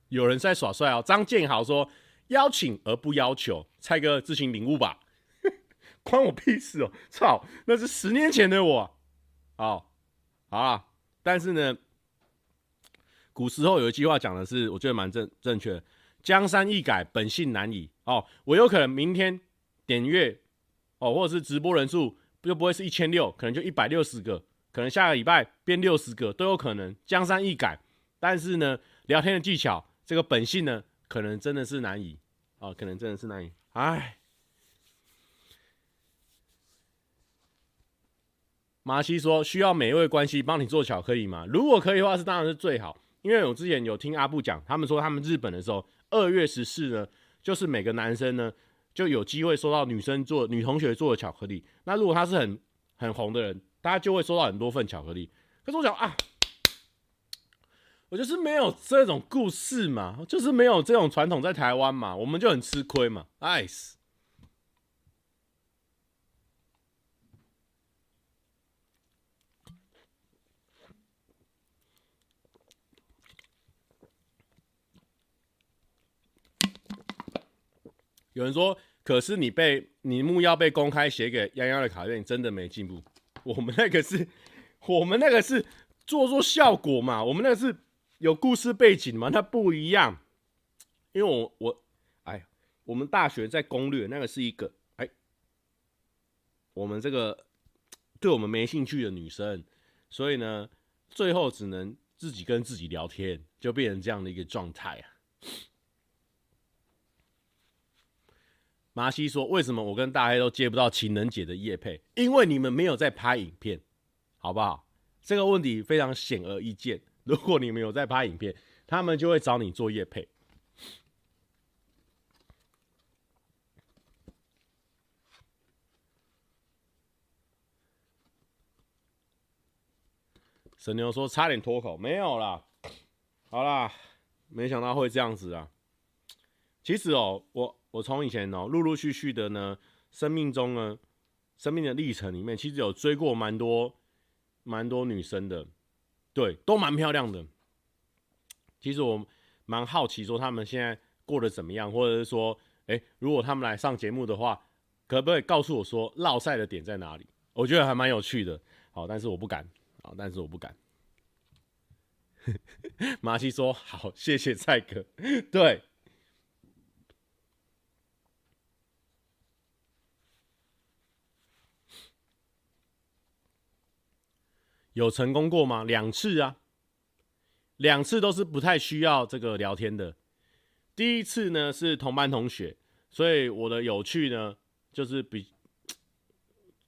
有人在耍帥哦，張建豪說。邀請而不要求，蔡哥自行領悟吧， 關我屁事哦、喔！操，那是十年前的我，哦啊！但是呢，古時候有一句話講的是，我覺得蠻正正確，江山易改，本性難移哦。我有可能明天點閱哦，或者是直播人數又不會是一千六，可能就一百六十個，可能下個禮拜變六十個都有可能。江山易改，但是呢，聊天的技巧這個本性呢？可能真的是難以啊、哦，可能真的是難以。哎，馬西說需要每一位關係幫你做巧克力嗎？如果可以的話，是當然是最好。因為我之前有聽阿布講，他們說他們日本的時候，二月十四呢，就是每個男生呢就有機會收到女生做女同學做的巧克力。那如果他是很很紅的人，大家就會收到很多份巧克力。可是我想啊。我就是沒有這種故事嘛，就是沒有這種傳統在台灣嘛，我們就很吃虧嘛。Ice，有人說，可是你被你幕要被公開寫給泱泱的卡片，你真的沒進步。我們那個是我們那個是做做效果嘛，我們那個是。有故事背景嗎？它不一樣，因為我我，哎，我們大學在攻略那個是一個，哎，我們這個對我們沒興趣的女生，所以呢，最後只能自己跟自己聊天，就變成這樣的一個狀態啊。麻西說：“為什麼我跟大黑都接不到情人節的業配？因為你們沒有在拍影片，好不好？這個問題非常顯而易見。”如果你沒有在拍影片，他們就會找你做業配。神牛說差點脫口，沒有啦，好啦，沒想到會這樣子啊。其實哦，我我從以前哦，陸陸續續的呢，生命中呢，生命的歷程裡面，其實有追過蠻多蠻多女生的。對，都蠻漂亮的。其實我蠻好奇，說他們現在過得怎麼樣，或者是說，欸，如果他們來上節目的話，可不可以告訴我說，落賽的點在哪裡？我覺得還蠻有趣的。好，但是我不敢。好，但是我不敢。 馬西說：“好，謝謝蔡哥。”對。有成功過嗎？兩次啊，兩次都是不太需要這個聊天的。第一次呢，是同班同學，所以我的有趣呢就是比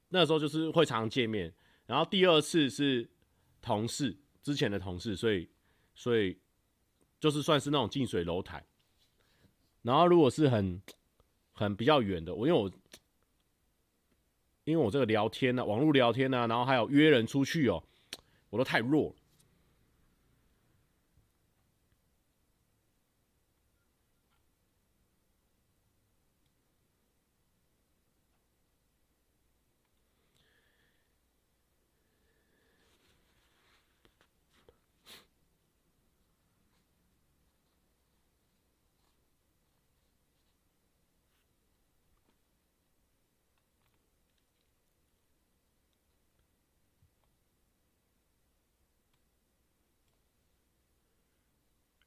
那時候就是會常見面。然後第二次是同事，之前的同事，所以所以就是算是那種近水樓台。然後如果是很很比較遠的，我因為我因為我這個聊天呢，網絡聊天呢，然後還有約人出去哦。我都太弱了。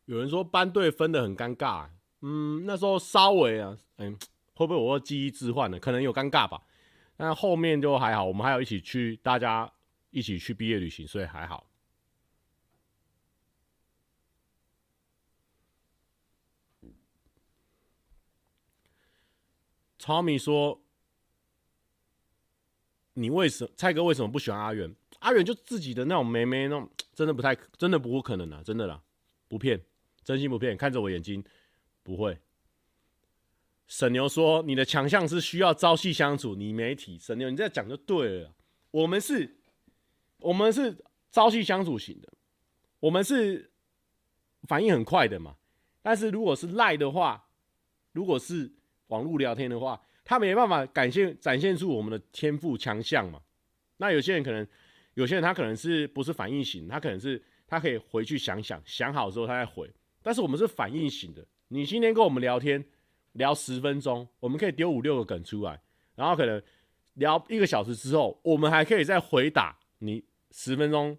有人說班隊分的很尷尬。欸，嗯，那時候稍微啊，嗯、欸，會不會我會記憶置換呢？可能有尷尬吧。那後面就還好，我們還有一起去，大家一起去畢業旅行，所以還好。超米說，你為什麼蔡哥為什麼不喜歡阿元？阿元就自己的那種妹妹那種，真的不太，真的不可能啊，真的啦，不騙。真心不騙，看着我眼睛，不會。神牛說：“你的強項是需要朝夕相處。”你媒體神牛，你這樣講就對了。我們是，我們是朝夕相處型的，我們是反應很快的嘛。但是如果是賴的話，如果是網絡聊天的話，他沒辦法展現展現出我們的天賦強項嘛。那有些人可能，有些人他可能是不是反應型，他可能是他可以回去想想，想好之後他再回。但是我們是反應型的，你今天跟我們聊天聊十分鐘，我們可以丟五六個梗出來，然後可能聊一個小時之後，我們還可以再回答你十分鐘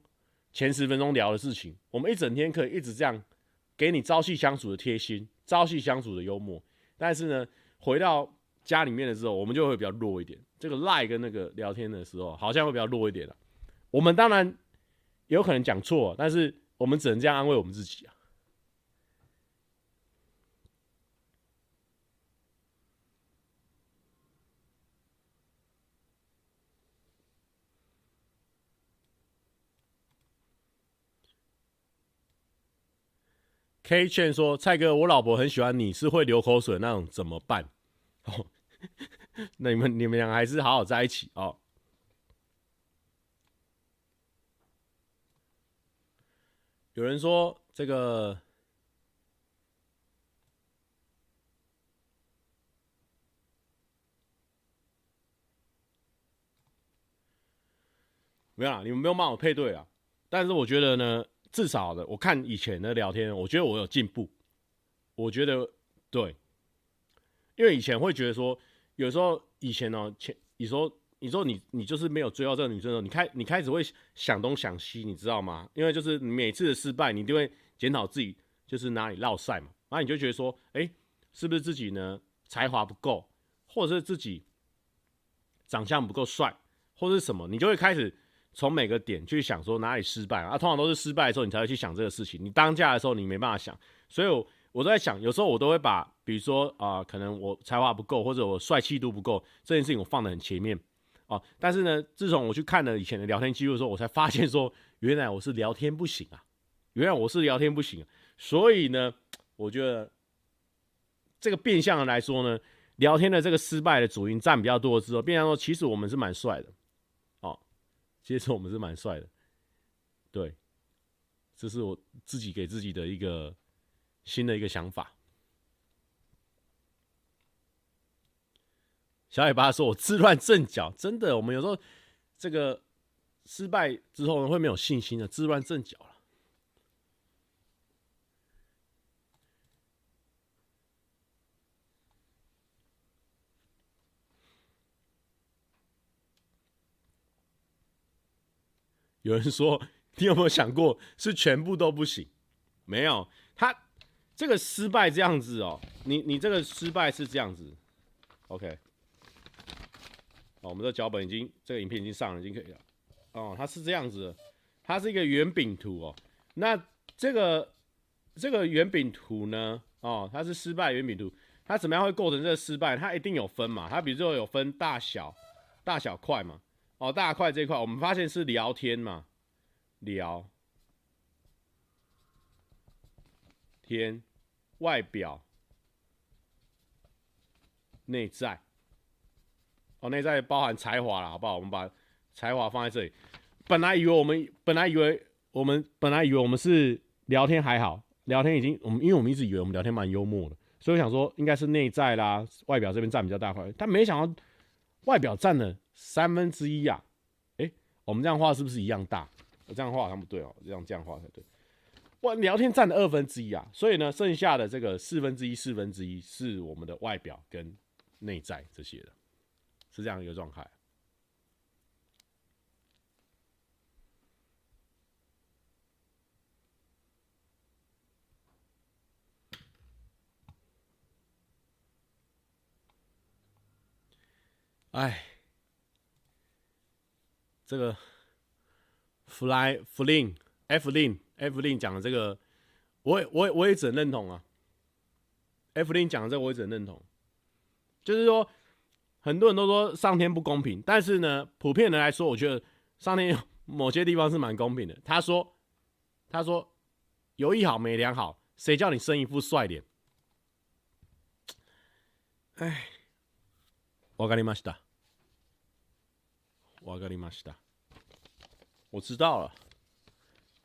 前十分鐘聊的事情。我們一整天可以一直這樣給你朝夕相處的貼心，朝夕相處的幽默。但是呢，回到家裡面的時候，我們就會比較弱一點。這個 LINE 跟那個聊天的時候，好像會比較弱一點了。我們當然有可能講錯，但是我們只能這樣安慰我們自己啊。K 以勸說蔡哥，我老婆很喜歡你，是會流口水那種，怎麼辦？哦， 那你們你們兩個還是好好在一起哦。有人說這個沒有啊，你們沒有幫我配對啊，但是我覺得呢。至少的，我看以前的聊天，我覺得我有進步。我覺得對，因為以前會覺得說，有時候以前哦、喔，前說，你說你說你你就是沒有追到這個女生的時候，你開你開始會想東想西，你知道嗎？因為就是每次的失敗，你就會檢討自己，就是哪裡落賽嘛，然後你就覺得說，哎、欸，是不是自己呢才華不夠，或者是自己長相不夠帥，或者是什麼，你就會開始。從每個點去想說哪裡失敗啊，啊，通常都是失敗的時候你才會去想這個事情。你當下的時候你沒辦法想，所以我，我都在想，有時候我都會把，比如說啊、呃，可能我才華不夠或者我帥氣度不夠這件事情，我放得很前面啊。但是呢，自從我去看了以前的聊天記錄的時候，我才發現說，原來我是聊天不行啊，原來我是聊天不行，啊。所以呢，我覺得這個變相的來說呢，聊天的這個失敗的主因占比較多之後，變相說其實我們是蠻帥的。其實我們是蠻帥的，對，這是我自己給自己的一個新的一個想法。小尾巴說：“我自亂陣腳，真的，我們有時候這個失敗之後呢會沒有信心的，自亂陣腳有人說，你有沒有想過是全部都不行？沒有，他這個失敗這樣子哦，你你這個失敗是這樣子，OK，哦，我們的腳本已經這個影片已經上了，已經可以了。哦，它是這樣子的，它是一個圓餅圖哦。那這個這個圓餅圖呢，哦，它是失敗圓餅圖，它怎麼樣會構成這個失敗呢？它一定有分嘛？它比如說有分大小、大小塊嘛？哦，大塊這一塊，我們發現是聊天嘛，聊天、外表、內在。哦，內在包含才華了，好不好？我們把才華放在這裡。本來以為我們，本來以為我們，本來以為我們是聊天還好，聊天已經我們，因為我們一直以為我們聊天蠻幽默的，所以我想說應該是內在啦，外表這邊占比較大塊，但沒想到外表占了。三分之一啊，哎，我們這樣畫是不是一樣大？我這樣畫好像不對哦，這樣這樣畫才對。哇，聊天占了二分之一啊，所以呢，剩下的這個四分之一、四分之一是我們的外表跟內在這些的，是這樣一個狀態。哎。這個 Fly Flynn Flynn Flynn 講的這個，我我我也只能認同啊。Flynn 講的這個我也只能認同啊，就是說很多人都說上天不公平，但是呢，普遍的來說，我覺得上天有某些地方是蠻公平的。他說：“他說，有一好沒兩好，誰叫你生一副帥臉？”哎，わかりました。瓦格里馬西達，我知道了，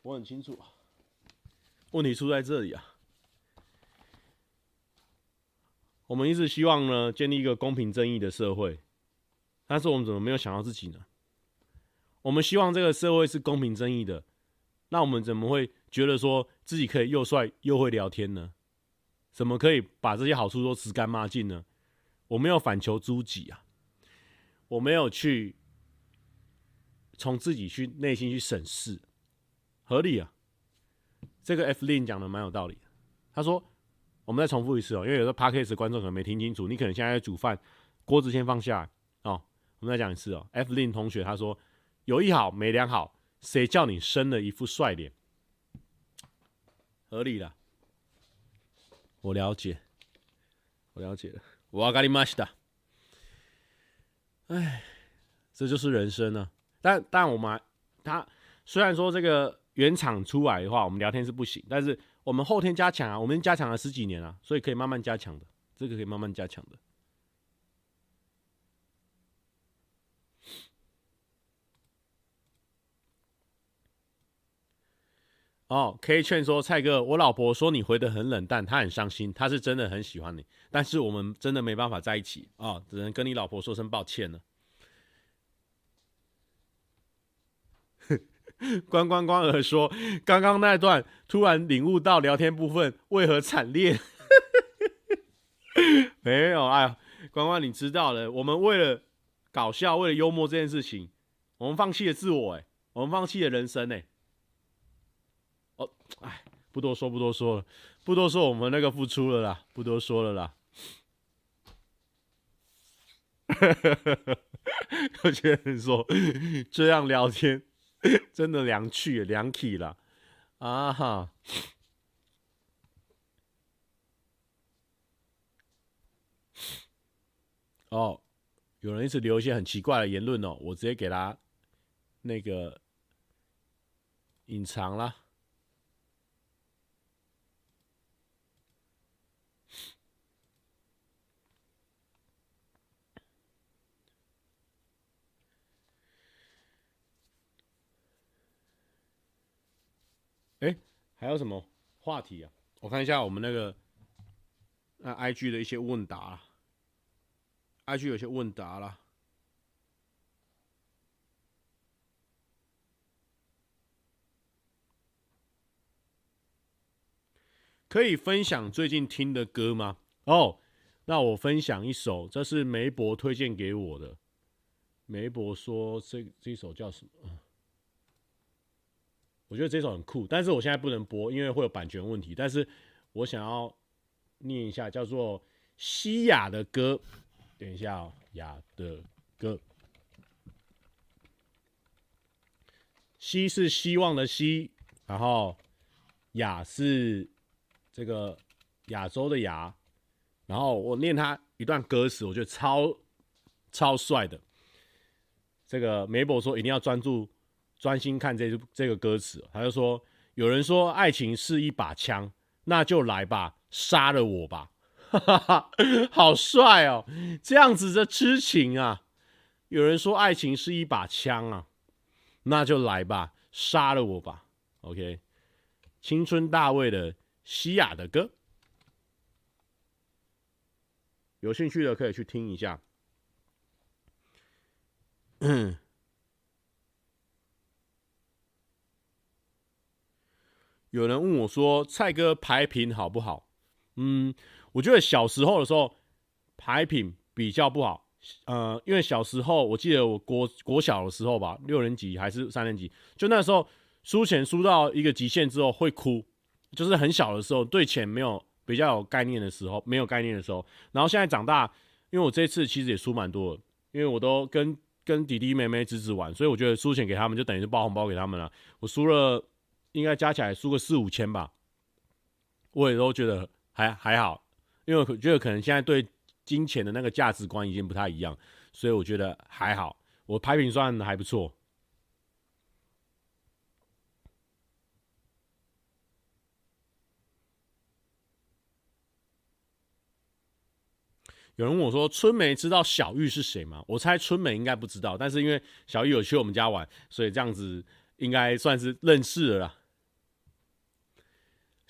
我很清楚啊。問題出在這裡啊！我們一直希望呢，建立一個公平正義的社會，但是我們怎麼沒有想到自己呢？我們希望這個社會是公平正義的，那我們怎麼會覺得說自己可以又帥又會聊天呢？怎麼可以把這些好處都吃乾抹淨呢？我沒有反求諸己啊，我沒有去。從自己去內心去審視，合理啊！這個 F Lin 講的蠻有道理。他說：“我們再重複一次哦、喔，因為有時候 Podcast 觀眾可能沒聽清楚，你可能現在在煮飯，鍋子先放下哦、喔。我們再講一次哦、喔。”F Lin 同學他說：“有一好，沒兩好，誰叫你生了一副帥臉？”合理的，我了解，我了解了。我咖喱瑪西的，哎，這就是人生啊！但但我們他、啊、雖然說這個原廠出來的話，我們聊天是不行，但是我們後天加強啊，我們加強了十幾年啊，所以可以慢慢加強的，這個可以慢慢加強的。哦，可以勸說蔡哥，我老婆說你回得很冷淡，她很傷心，她是真的很喜歡你，但是我們真的沒辦法在一起啊、哦，只能跟你老婆說聲抱歉了。關關關而說：“剛剛那段突然領悟到聊天部分為何慘烈， 沒有哎，關關，你知道的。我們為了搞笑，為了幽默這件事情，我們放棄了自我，哎，我們放棄了人生，哎。哦，哎，不多說，不多說了，不多說，我們那個付出了啦，不多說了啦。 我”我覺得哈有些人說這樣聊天。 真的涼去涼氣了啊哈！哦、uh-huh. oh, 有人一直留一些很奇怪的言論哦，我直接給他那個隱藏了。還有什麼話題啊？我看一下我們那個，那 IG 的一些問答，IG 有些問答啦，可以分享最近聽的歌嗎？哦、oh，那我分享一首，這是梅伯推薦給我的，梅伯說這這首叫什麼？我覺得這首很酷，但是我現在不能播，因為會有版權問題。但是，我想要念一下叫做西雅的歌，等一下哦，雅的歌。西是希望的西，然後雅是這個亞洲的雅，然後我念它一段歌詞，我覺得超超帥的。這個 Mabel 說一定要專注。專心看這這個歌詞，他就說：“有人說愛情是一把槍，那就來吧，殺了我吧。哈哈哈，好帥哦！這樣子的痴情啊！有人說愛情是一把槍啊，那就來吧，殺了我吧。” OK，青春大衛的西雅的歌，有興趣的可以去聽一下。嗯。有人問我說：“蔡哥牌品好不好？”嗯，我覺得小時候的時候牌品比較不好，呃，因為小時候我記得我國國小的時候吧，六年級還是三年級，就那時候輸錢輸到一個極限之後會哭，就是很小的時候對錢沒有比較有概念的時候，沒有概念的時候，然後現在長大，因為我這次其實也輸蠻多的，因為我都跟跟弟弟妹妹、侄子玩，所以我覺得輸錢給他們就等於是包紅包給他們了，我輸了。應該加起來輸個四五千吧，我也都覺得還還好，因為我覺得可能現在對金錢的那個價值觀已經不太一樣，所以我覺得還好，我拍品算還不錯。有人問我說：“春梅知道小玉是誰嗎？”我猜春梅應該不知道，但是因為小玉有去我們家玩，所以這樣子應該算是認識了啦。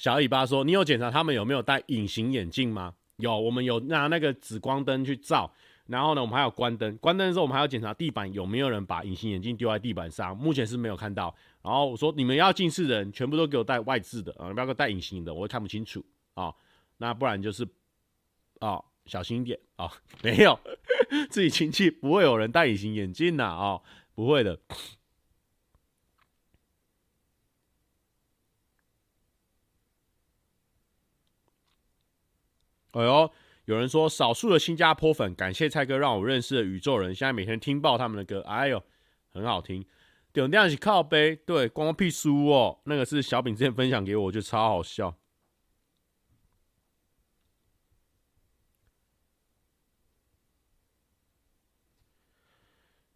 小尾巴說：“你有檢查他們有沒有戴隱形眼鏡嗎？有，我們有拿那個紫光燈去照，然後呢，我們還要關燈。關燈的時候，我們還要檢查地板有沒有人把隱形眼鏡丟在地板上。目前是沒有看到。然後我說，你們要近視的人全部都給我戴外置的啊，不要戴隱形的，我看不清楚啊、哦。那不然就是啊、哦，小心一點啊、哦。沒有， 自己親戚不會有人戴隱形眼鏡的啊、哦，不會的。”哎呦，有人說，少數的新加坡粉感謝蔡哥讓我認識了宇宙人，現在每天聽爆他們的歌。哎呦，很好聽。那樣子靠杯，對，光屁書哦。那個是小餅之前分享給我，我就超好笑。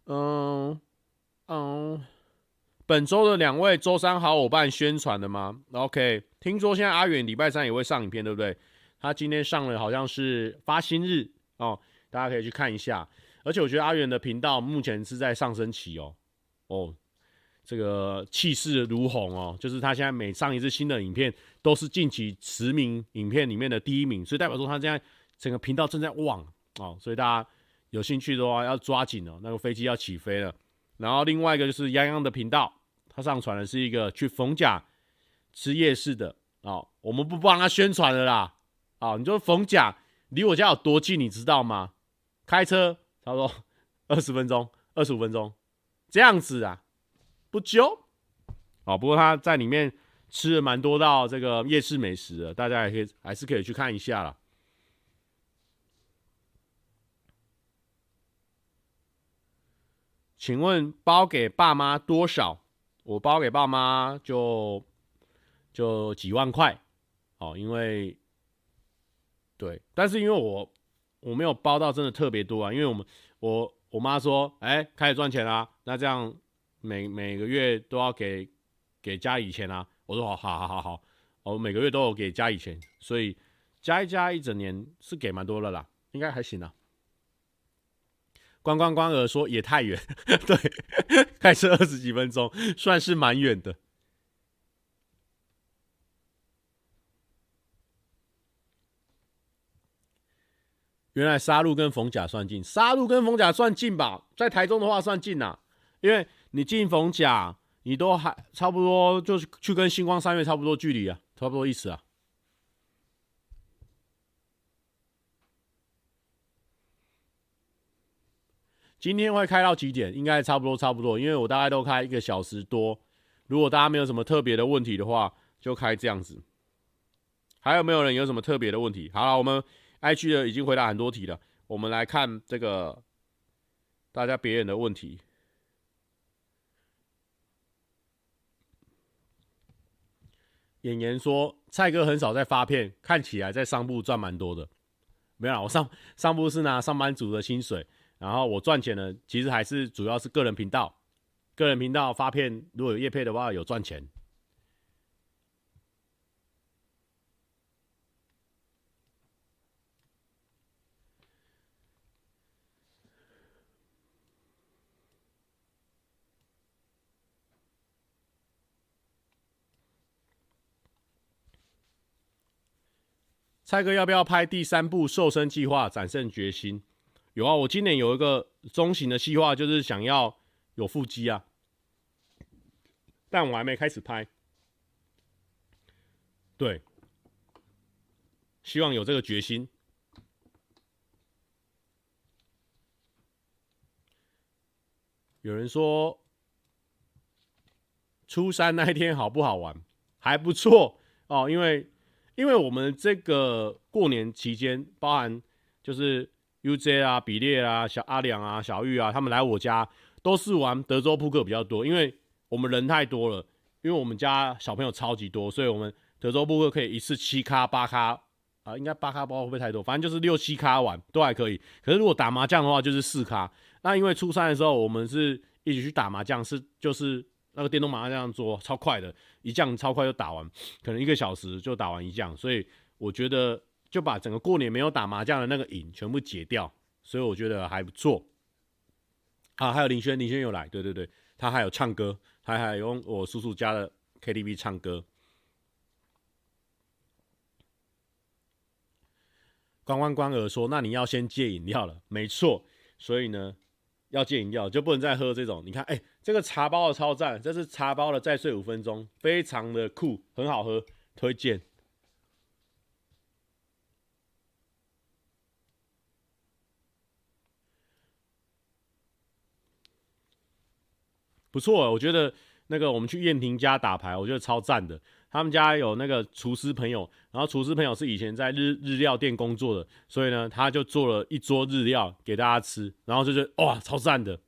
嗯嗯，本周的兩位周三好夥伴宣傳的嗎？OK，聽說現在阿遠禮拜三也會上影片，對不對？他今天上了好像是發薪日哦，大家可以去看一下。而且我覺得阿遠的頻道目前是在上升期哦，哦，這個氣勢如虹哦，就是他現在每上一次新的影片，都是近期十名影片裡面的第一名，所以代表說他現在整個頻道正在旺哦。所以大家有興趣的話，要抓緊哦，那個飛機要起飛了。然後另外一個就是泱泱的頻道，他上傳的是一個去逢甲吃夜市的哦，我們不幫他宣傳了啦。啊、哦，你說逢甲離我家有多近？你知道嗎？開車，他說二十分鐘、二十五分鐘這樣子啊，不久。啊、哦，不過他在裡面吃了蠻多道這個夜市美食了，大家也可以還是可以去看一下啦。請問包給爸媽多少？我包給爸媽就就幾萬塊。哦，因為。對，但是因為我我沒有包到真的特別多啊，因為我們我我媽說，哎，開始賺錢啦、啊，那這樣每每個月都要給給家裡錢啊，我說好，好，好，好，好，我每個月都有給家裡錢，所以加一加一整年是給蠻多了啦，應該還行啊。關關關兒說也太遠，對，開車二十幾分鐘，算是蠻遠的。原來沙鹿跟逢甲算近，沙鹿跟逢甲算近吧，在台中的話算近吶、啊，因為你進逢甲，你都還差不多，就是去跟新光三越差不多距離啊，差不多意思啊。今天會開到幾點？應該差不多，差不多，因為我大概都開一個小時多。如果大家沒有什麼特別的問題的話，就開這樣子。還有沒有人有什麼特別的問題？好了，我們。IG 的已經回答很多題了，我們來看這個大家別人的問題。演員說：“蔡哥很少在發片，看起來在上部賺蠻多的。”沒有啦，我上上部是拿上班族的薪水，然後我賺錢呢，其實還是主要是個人頻道，個人頻道發片如果有業配的話有賺錢。蔡哥要不要拍第三部瘦身計劃，展現決心？有啊，我今年有一個中型的計劃，就是想要有腹肌啊，但我還沒開始拍。對，希望有這個決心。有人說，初三那一天好不好玩？還不錯哦，因為。因為我們這個過年期間，包含就是 UJ 啊、比列啊、小阿良啊、小玉啊，他們來我家都是玩德州撲克比較多。因為我們人太多了，因為我們家小朋友超級多，所以我們德州撲克可以一次七咖八咖啊，應該八咖，呃、八咖不知道會不會太多，反正就是六七咖玩都還可以。可是如果打麻將的話，就是四咖。那因為初三的時候，我們是一起去打麻將，是就是。那個電動麻將桌超快的，一將超快就打完，可能一個小時就打完一將，所以我覺得就把整個過年沒有打麻將的那個癮全部解掉，所以我覺得還不錯。啊，還有林軒，林軒又來，對對對，他還有唱歌，他還用我叔叔家的 KTV 唱歌。關關關兒說：“那你要先戒飲料了，沒錯，所以呢要戒飲料就不能再喝這種，你看，哎、欸。”這個茶包的超贊，這是茶包的再睡五分鐘，非常的酷，很好喝，推薦。不錯，我覺得那個我們去燕婷家打牌，我覺得超贊的。他們家有那個廚師朋友，然後廚師朋友是以前在日日料店工作的，所以呢，他就做了一桌日料給大家吃，然後就是哇，超贊的。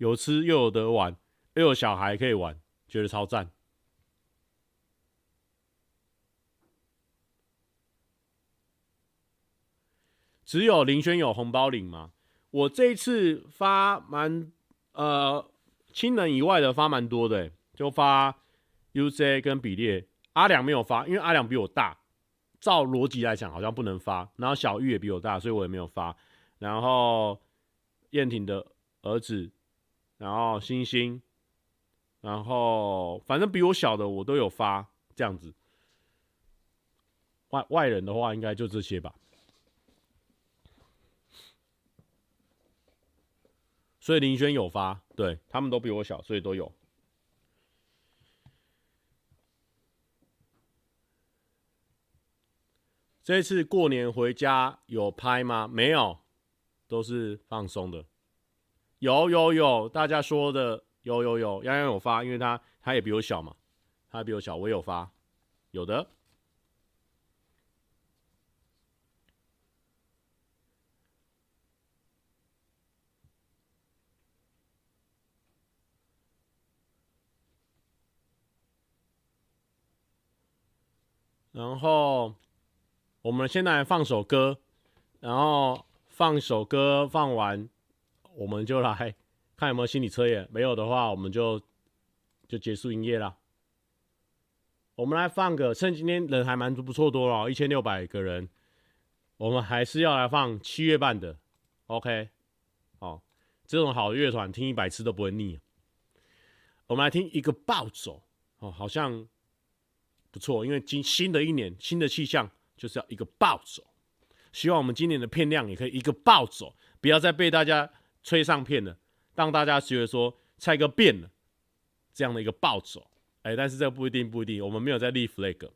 有吃又有得玩，又有小孩可以玩，覺得超讚。只有林軒有紅包領嗎？我這一次發蠻呃親人以外的發蠻多的，欸，就發 UZ 跟比利，阿良沒有發，因為阿良比我大，照邏輯來講好像不能發。然後小玉也比我大，所以我也沒有發。然後燕婷的兒子，然後星星，然後反正比我小的我都有發，這樣子。外外人的話，應該就這些吧。所以林軒有發，對，他們都比我小，所以都有。這次過年回家有拍嗎？沒有，都是放鬆的。有有有，大家說的有有有，洋洋有，有發，因為他他也比我小嘛，他也比我小，我也有發，有的。然後，我們現在來放首歌，然後放首歌，放完。我們就來看有沒有心理測驗，沒有的話，我們就就結束營業了。我們來放個，趁今天人還蠻不錯，多了一千六百個人，我們還是要來放七月半的。OK，哦，這種好的樂團聽一百次都不會膩。我們來聽一個暴走，哦，好像不錯，因為今新的一年新的氣象就是要一個暴走，希望我們今年的片量也可以一個暴走，不要再被大家，吹上片的，讓大家覺得說蔡哥變了這樣的一個暴走，哎、欸，但是這不一定，不一定，我們沒有在立 flag。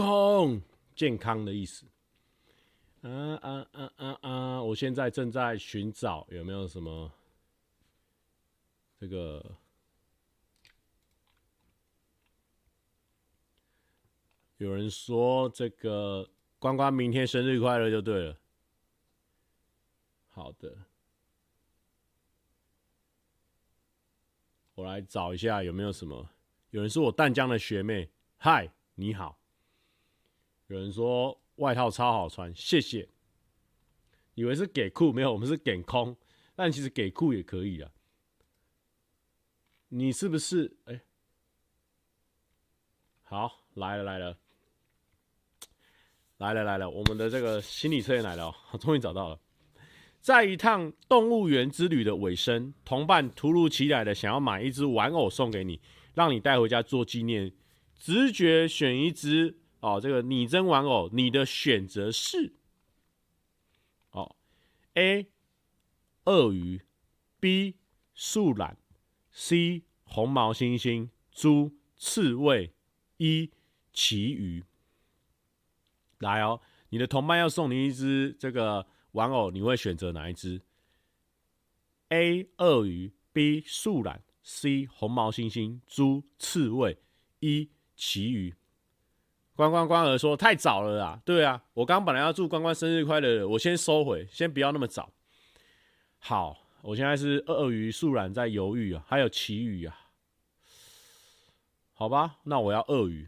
空，健康的意思。啊啊啊啊啊，啊！我現在正在尋找有沒有什麼這個。有人說這個關關明天生日快樂就對了。好的，我來找一下有沒有什麼。有人是我淡江的學妹，嗨，你好。有人說外套超好穿，謝謝。以為是給酷，沒有，我們是給空。但其實給酷也可以啊。你是不是？哎、欸，好來了來了，來了來了，我們的這個心理測驗來了哦、喔，終於找到了。在一趟動物園之旅的尾聲，同伴突如其來的想要買一只玩偶送給你，讓你帶回家做紀念。直覺選一只。哦，這個擬真玩偶，你的選擇是：哦，A，鱷魚，B，樹懶，C，紅毛猩猩，豬，刺蝟，E 旗魚。來哦，你的同伴要送你一只這個玩偶，你會選擇哪一只？A，鱷魚，B，樹懶，C，紅毛猩猩，豬，刺蝟，E 旗魚。關關關兒說：“太早了啦，對啊，我剛本來要祝關關生日快樂的，我先收回，先不要那麼早。”好，我現在是鱷魚樹懶在猶豫啊，還有奇魚啊，好吧，那我要鱷魚。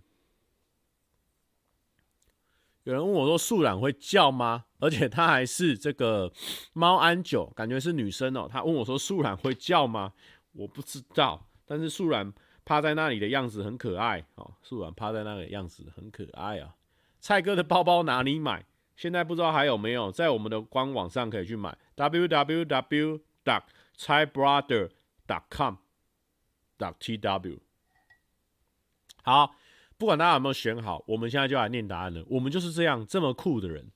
有人問我說：“樹懶會叫嗎？”而且他還是這個貓安久，感覺是女生哦。他問我說：“樹懶會叫嗎？”我不知道，但是樹懶。趴在那裡的樣子很可愛哦，樹懶趴在那個樣子很可愛啊。蔡哥的包包哪裡買？現在不知道還有沒有在我們的官網上可以去買，w w w dot chai brother dot com dot t w。嗯、好，不管大家有沒有選好，我們現在就來念答案了。我們就是這樣這麼酷的人。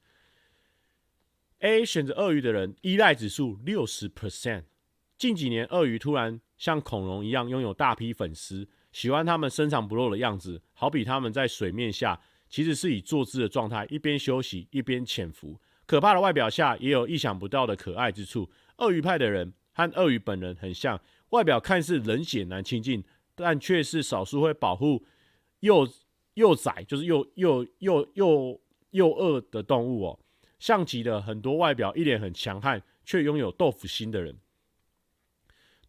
A 選擇鱷魚的人依賴指數六十 percent。近幾年鱷魚突然。像恐龍一樣擁有大批粉絲，喜歡他們深藏不露的樣子。好比他們在水面下，其實是以坐姿的狀態，一邊休息一邊潛伏。可怕的外表下，也有意想不到的可愛之處。鱷魚派的人和鱷魚本人很像，外表看似冷血難親近，但卻是少數會保護幼幼崽，就是幼幼幼幼幼鱷的動物哦、喔。像極了很多外表一臉很強悍，卻擁有豆腐心的人。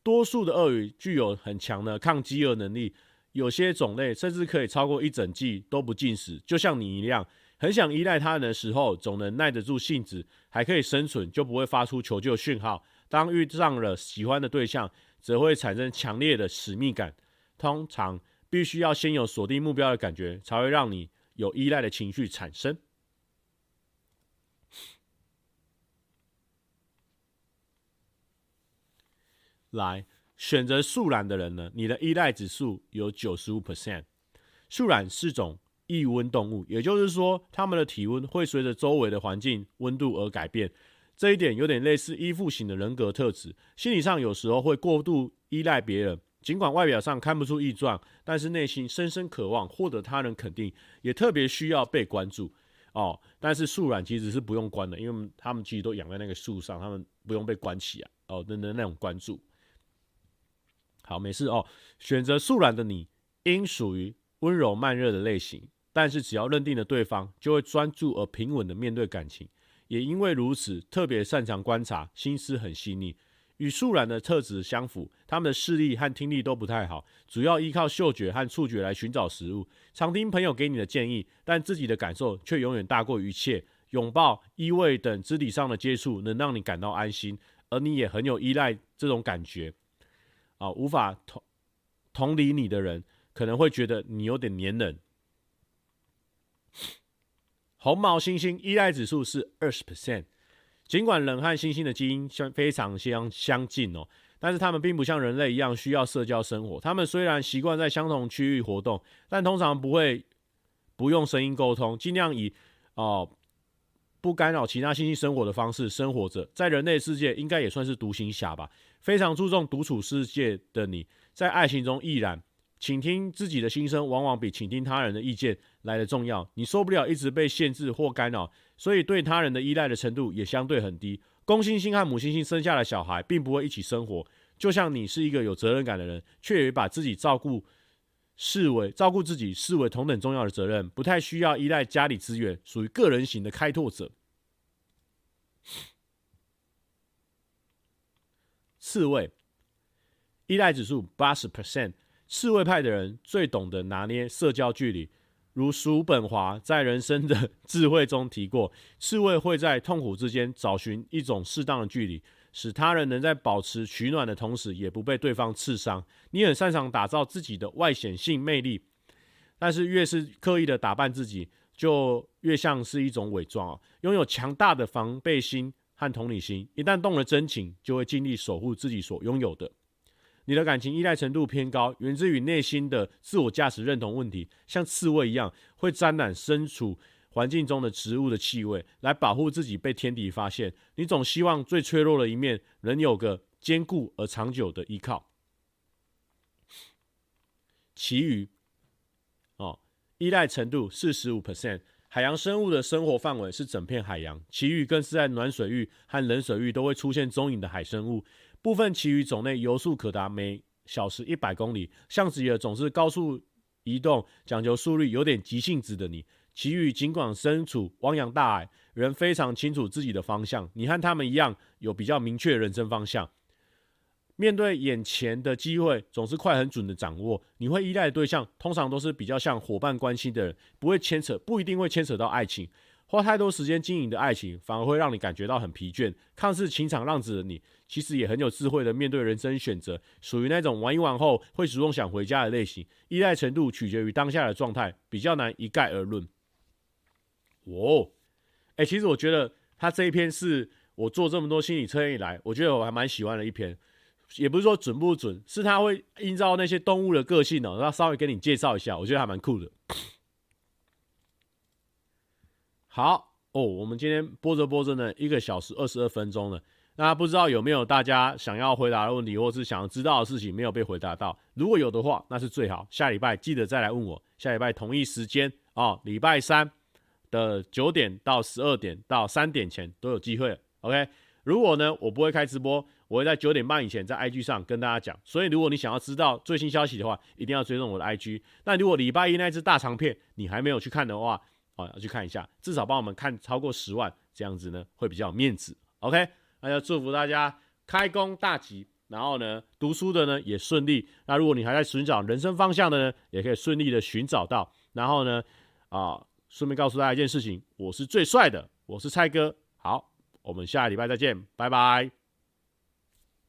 多數的鱷魚具有很強的抗飢餓能力，有些種類甚至可以超過一整季都不進食。就像你一樣，很想依賴他人的時候，總能耐得住性子，還可以生存，就不會發出求救訊號。當遇上了喜歡的對象，則會產生強烈的使命感，通常必須要先有鎖定目標的感覺，才會讓你有依賴的情緒產生。來，選擇樹懶的人呢？你的依賴指數有九十五 percent。樹懶是種異溫動物，也就是說，它們的體溫會隨着周圍的環境溫度而改變。這一點有點類似依附型的人格特質，心理上有時候會過度依賴別人。儘管外表上看不出異狀，但是內心深深渴望獲得他人肯定，也特別需要被關注哦。但是樹懶其實是不用關的，因為它們其實都養在那個樹上，它們不用被關起來、啊、哦。那那那種關注。好，沒事哦。選擇素然的你，應屬於溫柔慢熱的類型。但是只要認定了對方，就會專注而平穩的面對感情。也因為如此，特別擅長觀察，心思很細膩，與素然的特質相符。他們的視力和聽力都不太好，主要依靠嗅覺和觸覺來尋找食物。常聽朋友給你的建議，但自己的感受卻永遠大過於一切。擁抱、依偎等肢體上的接觸，能讓你感到安心，而你也很有依賴這種感覺。啊，無法同同理你的人，可能會覺得你有點黏人。紅毛猩猩依賴指數是二十 percent。儘管人和猩猩的基因相非常相相近哦，但是他們並不像人類一樣需要社交生活。他們雖然習慣在相同區域活動，但通常不會不用聲音溝通，儘量以哦、呃、不干擾其他猩猩生活的方式生活着。在人類世界，應該也算是獨行俠吧。非常注重獨處世界的你，在愛情中亦然。傾聽自己的心聲，往往比傾聽他人的意見來得重要。你受不了一直被限制或干擾，所以對他人的依賴的程度也相對很低。公星星和母星星生下的小孩，並不會一起生活。就像你是一個有責任感的人，卻也把自己照顧視為照顧自己視為同等重要的責任，不太需要依賴家裡資源，屬於個人型的開拓者。刺蝟，依賴指數八十 percent。刺蝟派的人最懂得拿捏社交距離，如叔本華在《人生的智慧》中提過，刺蝟會在痛苦之間找尋一種適當的距離，使他人能在保持取暖的同時，也不被對方刺傷。你很擅長打造自己的外顯性魅力，但是越是刻意的打扮自己，就越像是一種偽裝。擁有強大的防備心。和同理心，一旦動了真情，就會盡力守護自己所擁有的。你的感情依賴程度偏高，源自於內心的自我價值認同問題。像刺蝟一樣，會沾染身處環境中的植物的氣味，來保護自己被天敵發現。你總希望最脆弱的一面，能有個堅固而長久的依靠。其餘，哦，依賴程度四十五 percent。海洋生物的生活範圍是整片海洋，旗魚更是在暖水域和冷水域都會出現蹤影的海生物。部分旗魚種類游速可達每小時一百公里，像旗魚總是高速移動，講究速率，有點急性子的你。旗魚儘管身處汪洋大海，仍非常清楚自己的方向。你和他們一樣，有比較明確的人生方向。面對眼前的機會，總是快很準的掌握。你會依賴的對象，通常都是比較像夥伴關係的人，不會牽扯，不一定會牽扯到愛情。花太多時間經營的愛情，反而會讓你感覺到很疲倦。看似情場浪子的你，其實也很有智慧的面對人生選擇，屬於那種玩一玩後會主動想回家的類型。依賴程度取決於當下的狀態，比較難一概而論。哦，誒、欸，其實我覺得他這一篇是我做這麼多心理測驗以來，我覺得我還蠻喜歡的一篇。也不是說準不準，是他會依照那些動物的個性哦，那稍微給你介紹一下，我覺得還蠻酷的。好哦，我們今天播着播着呢，一個小時二十二分鐘了。那不知道有沒有大家想要回答的問題，或是想知道的事情沒有被回答到？如果有的話，那是最好。下禮拜記得再來問我，下禮拜同一時間哦，禮拜三的九點到十二點到三點前都有機會了，OK。如果呢，我不會開直播，我會在九點半以前在 IG 上跟大家講。所以，如果你想要知道最新消息的話，一定要追蹤我的 IG。那如果禮拜一那支大長片你還沒有去看的話，啊、哦，要去看一下，至少幫我們看超過十萬，這樣子呢會比較有面子。OK，那要祝福大家開工大吉，然後呢讀書的呢也順利。那如果你還在尋找人生方向的呢，也可以順利的尋找到。然後呢，啊，順便告訴大家一件事情，我是最帥的，我是蔡哥。好。我們下個禮拜再見，拜拜。